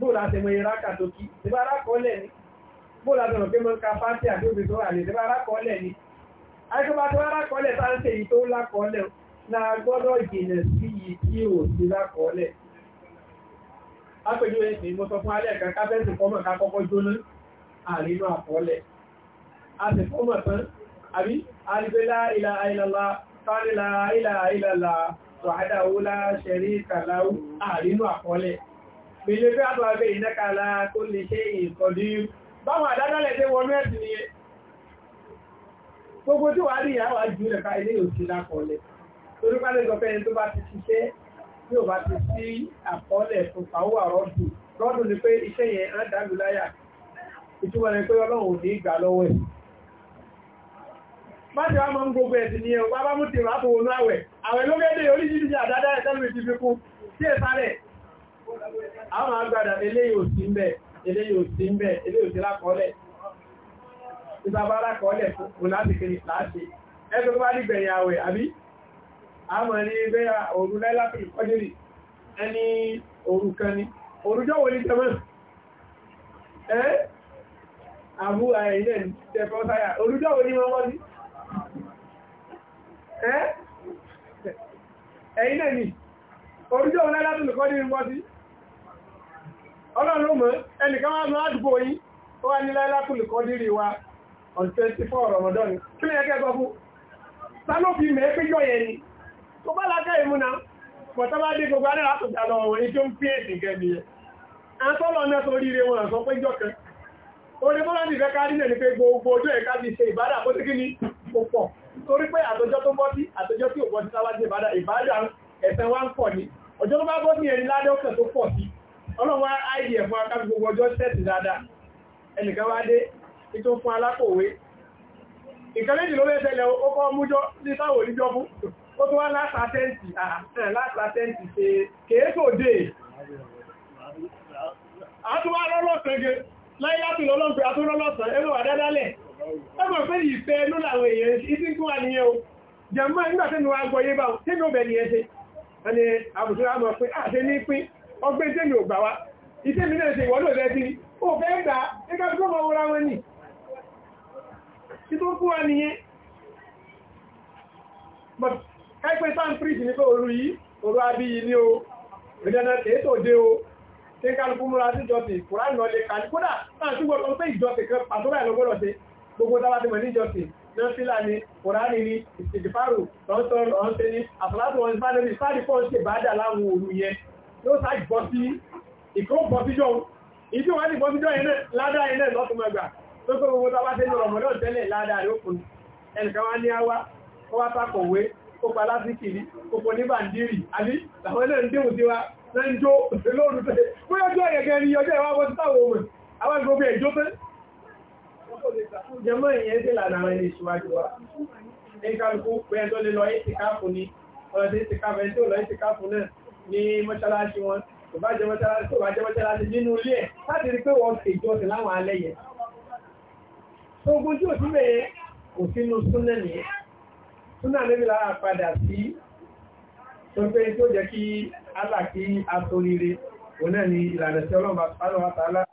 S1: bóòlá ṣe mọ ìrákà tó kí tí bá rákọọ́lẹ̀ ni bóòlá tọ̀nà pé mọ́ ń ka fásitì àti òbí tó wà ní tí bá rákọọ́lẹ̀ ni àìsọ́bá tó rákọọ́lẹ̀ tá ń ṣe èyí tó lákọọ́lẹ̀ na gbọ́dọ̀ jìnà sí yìí tí ò sí lákọọ́lẹ̀ ápèjúwe ní mo sọ fún alẹ́ kan kábẹ́ǹsì fọ́mọ̀ ṣẹ̀rí kàláwù àrínú àkọọ́lẹ̀ Bèèrè fẹ́ àtọ́ abẹ́ ìnẹ́kàlá kó lè ṣe ìkọ̀dí. Báwọn àdádálẹ̀ tẹ́ wọnú ẹ̀sìn ni gbogbo tí wà rí ìyáwà jù rẹ̀ ká ilé òsì lápọ̀ọ́lẹ̀. Torí ká lè sọ pé ẹni tó bá ti ṣiṣẹ́ tí ò bá ti sí àpọ́ọ́lẹ̀ fún pàwọ́ àrọ́dù. Rọ́dù ni pé iṣẹ́ yẹn á dàbí láyà. Ìtumọ̀ ni pé Ọlọ́run ò ní ìgbà lọ́wọ́ ẹ̀. Má ti wá mọ́ gbogbo ẹ̀sìn ni ẹ̀ bá bá mú ti rà àwọn agbádà eléyìí ò sí ń bẹ̀ eléyìí ò sí ń bẹ̀ eléyìí ò sí lákọọ́lẹ̀ ìsàbá lákọọ́lẹ̀ fún láti kiri láti ẹgbẹ́ bá ní gbẹ̀yìn àwẹ̀ àbí àmọ́ ní bẹ́ òru lẹ́lápì kọ́dìrì ẹni òru kan ni òrùjọ́ wo ní tẹ́mọ́ ẹ́ àbú àìyẹ́ tẹ́fọ́ sáyà òrùjọ́ wo ní wọ́n wọ́n ní ẹ́ ẹ̀yìn náà ni òrùjọ́ wo lẹ́lápì kọ́dìrì wọ́n sí ọlọ́run ló mọ̀ ẹnìkan wá lọ́wọ́ àdúgbò yìí ó wá on 24 Ramadan kí ló yẹ kẹ́ gbọ́ fún sálóbi mẹ́ péjọ yẹn ni tó bá lákẹ́ ìmú náà pọ̀ tó bá dé gbogbo alẹ́ látòjà lọ ń pí èsì gẹ́ ni yẹn àtọ́lọ tó ríire wọn àsọ orí bọ́lá ti fẹ́ kárí náà ni pé gbogbo ojú ẹ̀ká ti ṣe ìbádà bó ti kí ni kò pọ̀ torí pé àtọjọ́ tó bọ́ sí àtọjọ́ tí ò bọ́ sí sáwájú ìbádà ìbádà ẹ̀sẹ̀ wá ń pọ̀ ni ọjọ́ tó bá bọ́ sí ẹni ládẹ́ ọlọ́wọ́ àìdí ẹ̀fún akábí gbogbo ọjọ́ tẹ́ẹ̀tì dáadáa ẹnìkan wá dé ìtò fún alákòwé ìkan méjì ló mẹ́sẹ̀lẹ̀ ó kọ́ mújọ́ ní sáwò níjọ́ fún ó tó wá látàtẹ́ǹtì ṣe kéèkò dé àtúwá lọ́lọ́sẹ̀gẹ́ láyé láti lọ́lọ́sẹ̀ àtúrọ́lọ́sẹ̀ ẹgbẹ̀ wà dádálẹ̀ ẹgbẹ̀ pé ìfẹ́ ló làwọn èèyàn ìsí tún wà níyẹn o jẹ̀mọ́ nígbàtẹ́nu agbọ́yé bá tí ó bẹ̀ nìyẹn ṣe ẹni àbùsùn àmọ́ pé àṣẹ ní pín ọgbẹ́ iṣẹ́ mi ò gbà wá iṣẹ́ mi náà ṣe ìwọ́n lò lẹ́sí ó fẹ́ gbà nígbà tó mọ wọra wọn nì tí tó kú wa nìyẹn but káìpẹ́ sáà ń pírìtì ní pé òru yìí òru abíyí ni o ìdáná tèétò dé o tí ń kálukú múra sí ìjọsìn kùránì lọ lè kàní kódà náà túbọ̀ tó ń pé ìjọsìn kan pàtó báyìí ló gbọ́dọ̀ ṣe gbogbo tábà ti mọ̀ ní ìjọsìn nọ́sílà ni kùránì ni ìsìnkìfàrù tọ́ntọ́rọ̀ ọ̀ńtẹ́ni àtàlátò ọ̀ńtẹ́ni sáàdì fọ́ọ̀ṣẹ̀ bá dà láwọn òru yẹn yóò sáà gbọ́ sí ìkó bọ́ síjọ́ ìdí wọ́n ti bọ́ síjọ́ ẹ̀nẹ́ ládá ẹ̀nẹ́ lọ́tùmọ̀gbà tó kó gbogbo tàbá tẹ́lẹ̀ ọmọdé tẹ́lẹ̀ ládá rẹ̀ ẹnìkan wá ní àwá ó wá tàkọ̀wé pa ọjọ́ ní mọ́ṣáláṣí wọn tó bá jẹ́ mọ́ṣáláṣí nínú ilé ẹ̀ láti rí pé wọ́n ṣe ìjọsìn láwọn alẹ́ yẹn ogun tí ò sí mẹ́rin kò sínú súnà nìyẹn súnà níbi lára padà sí tó pé tí ó jẹ́ kí aláàkí asoríire òun náà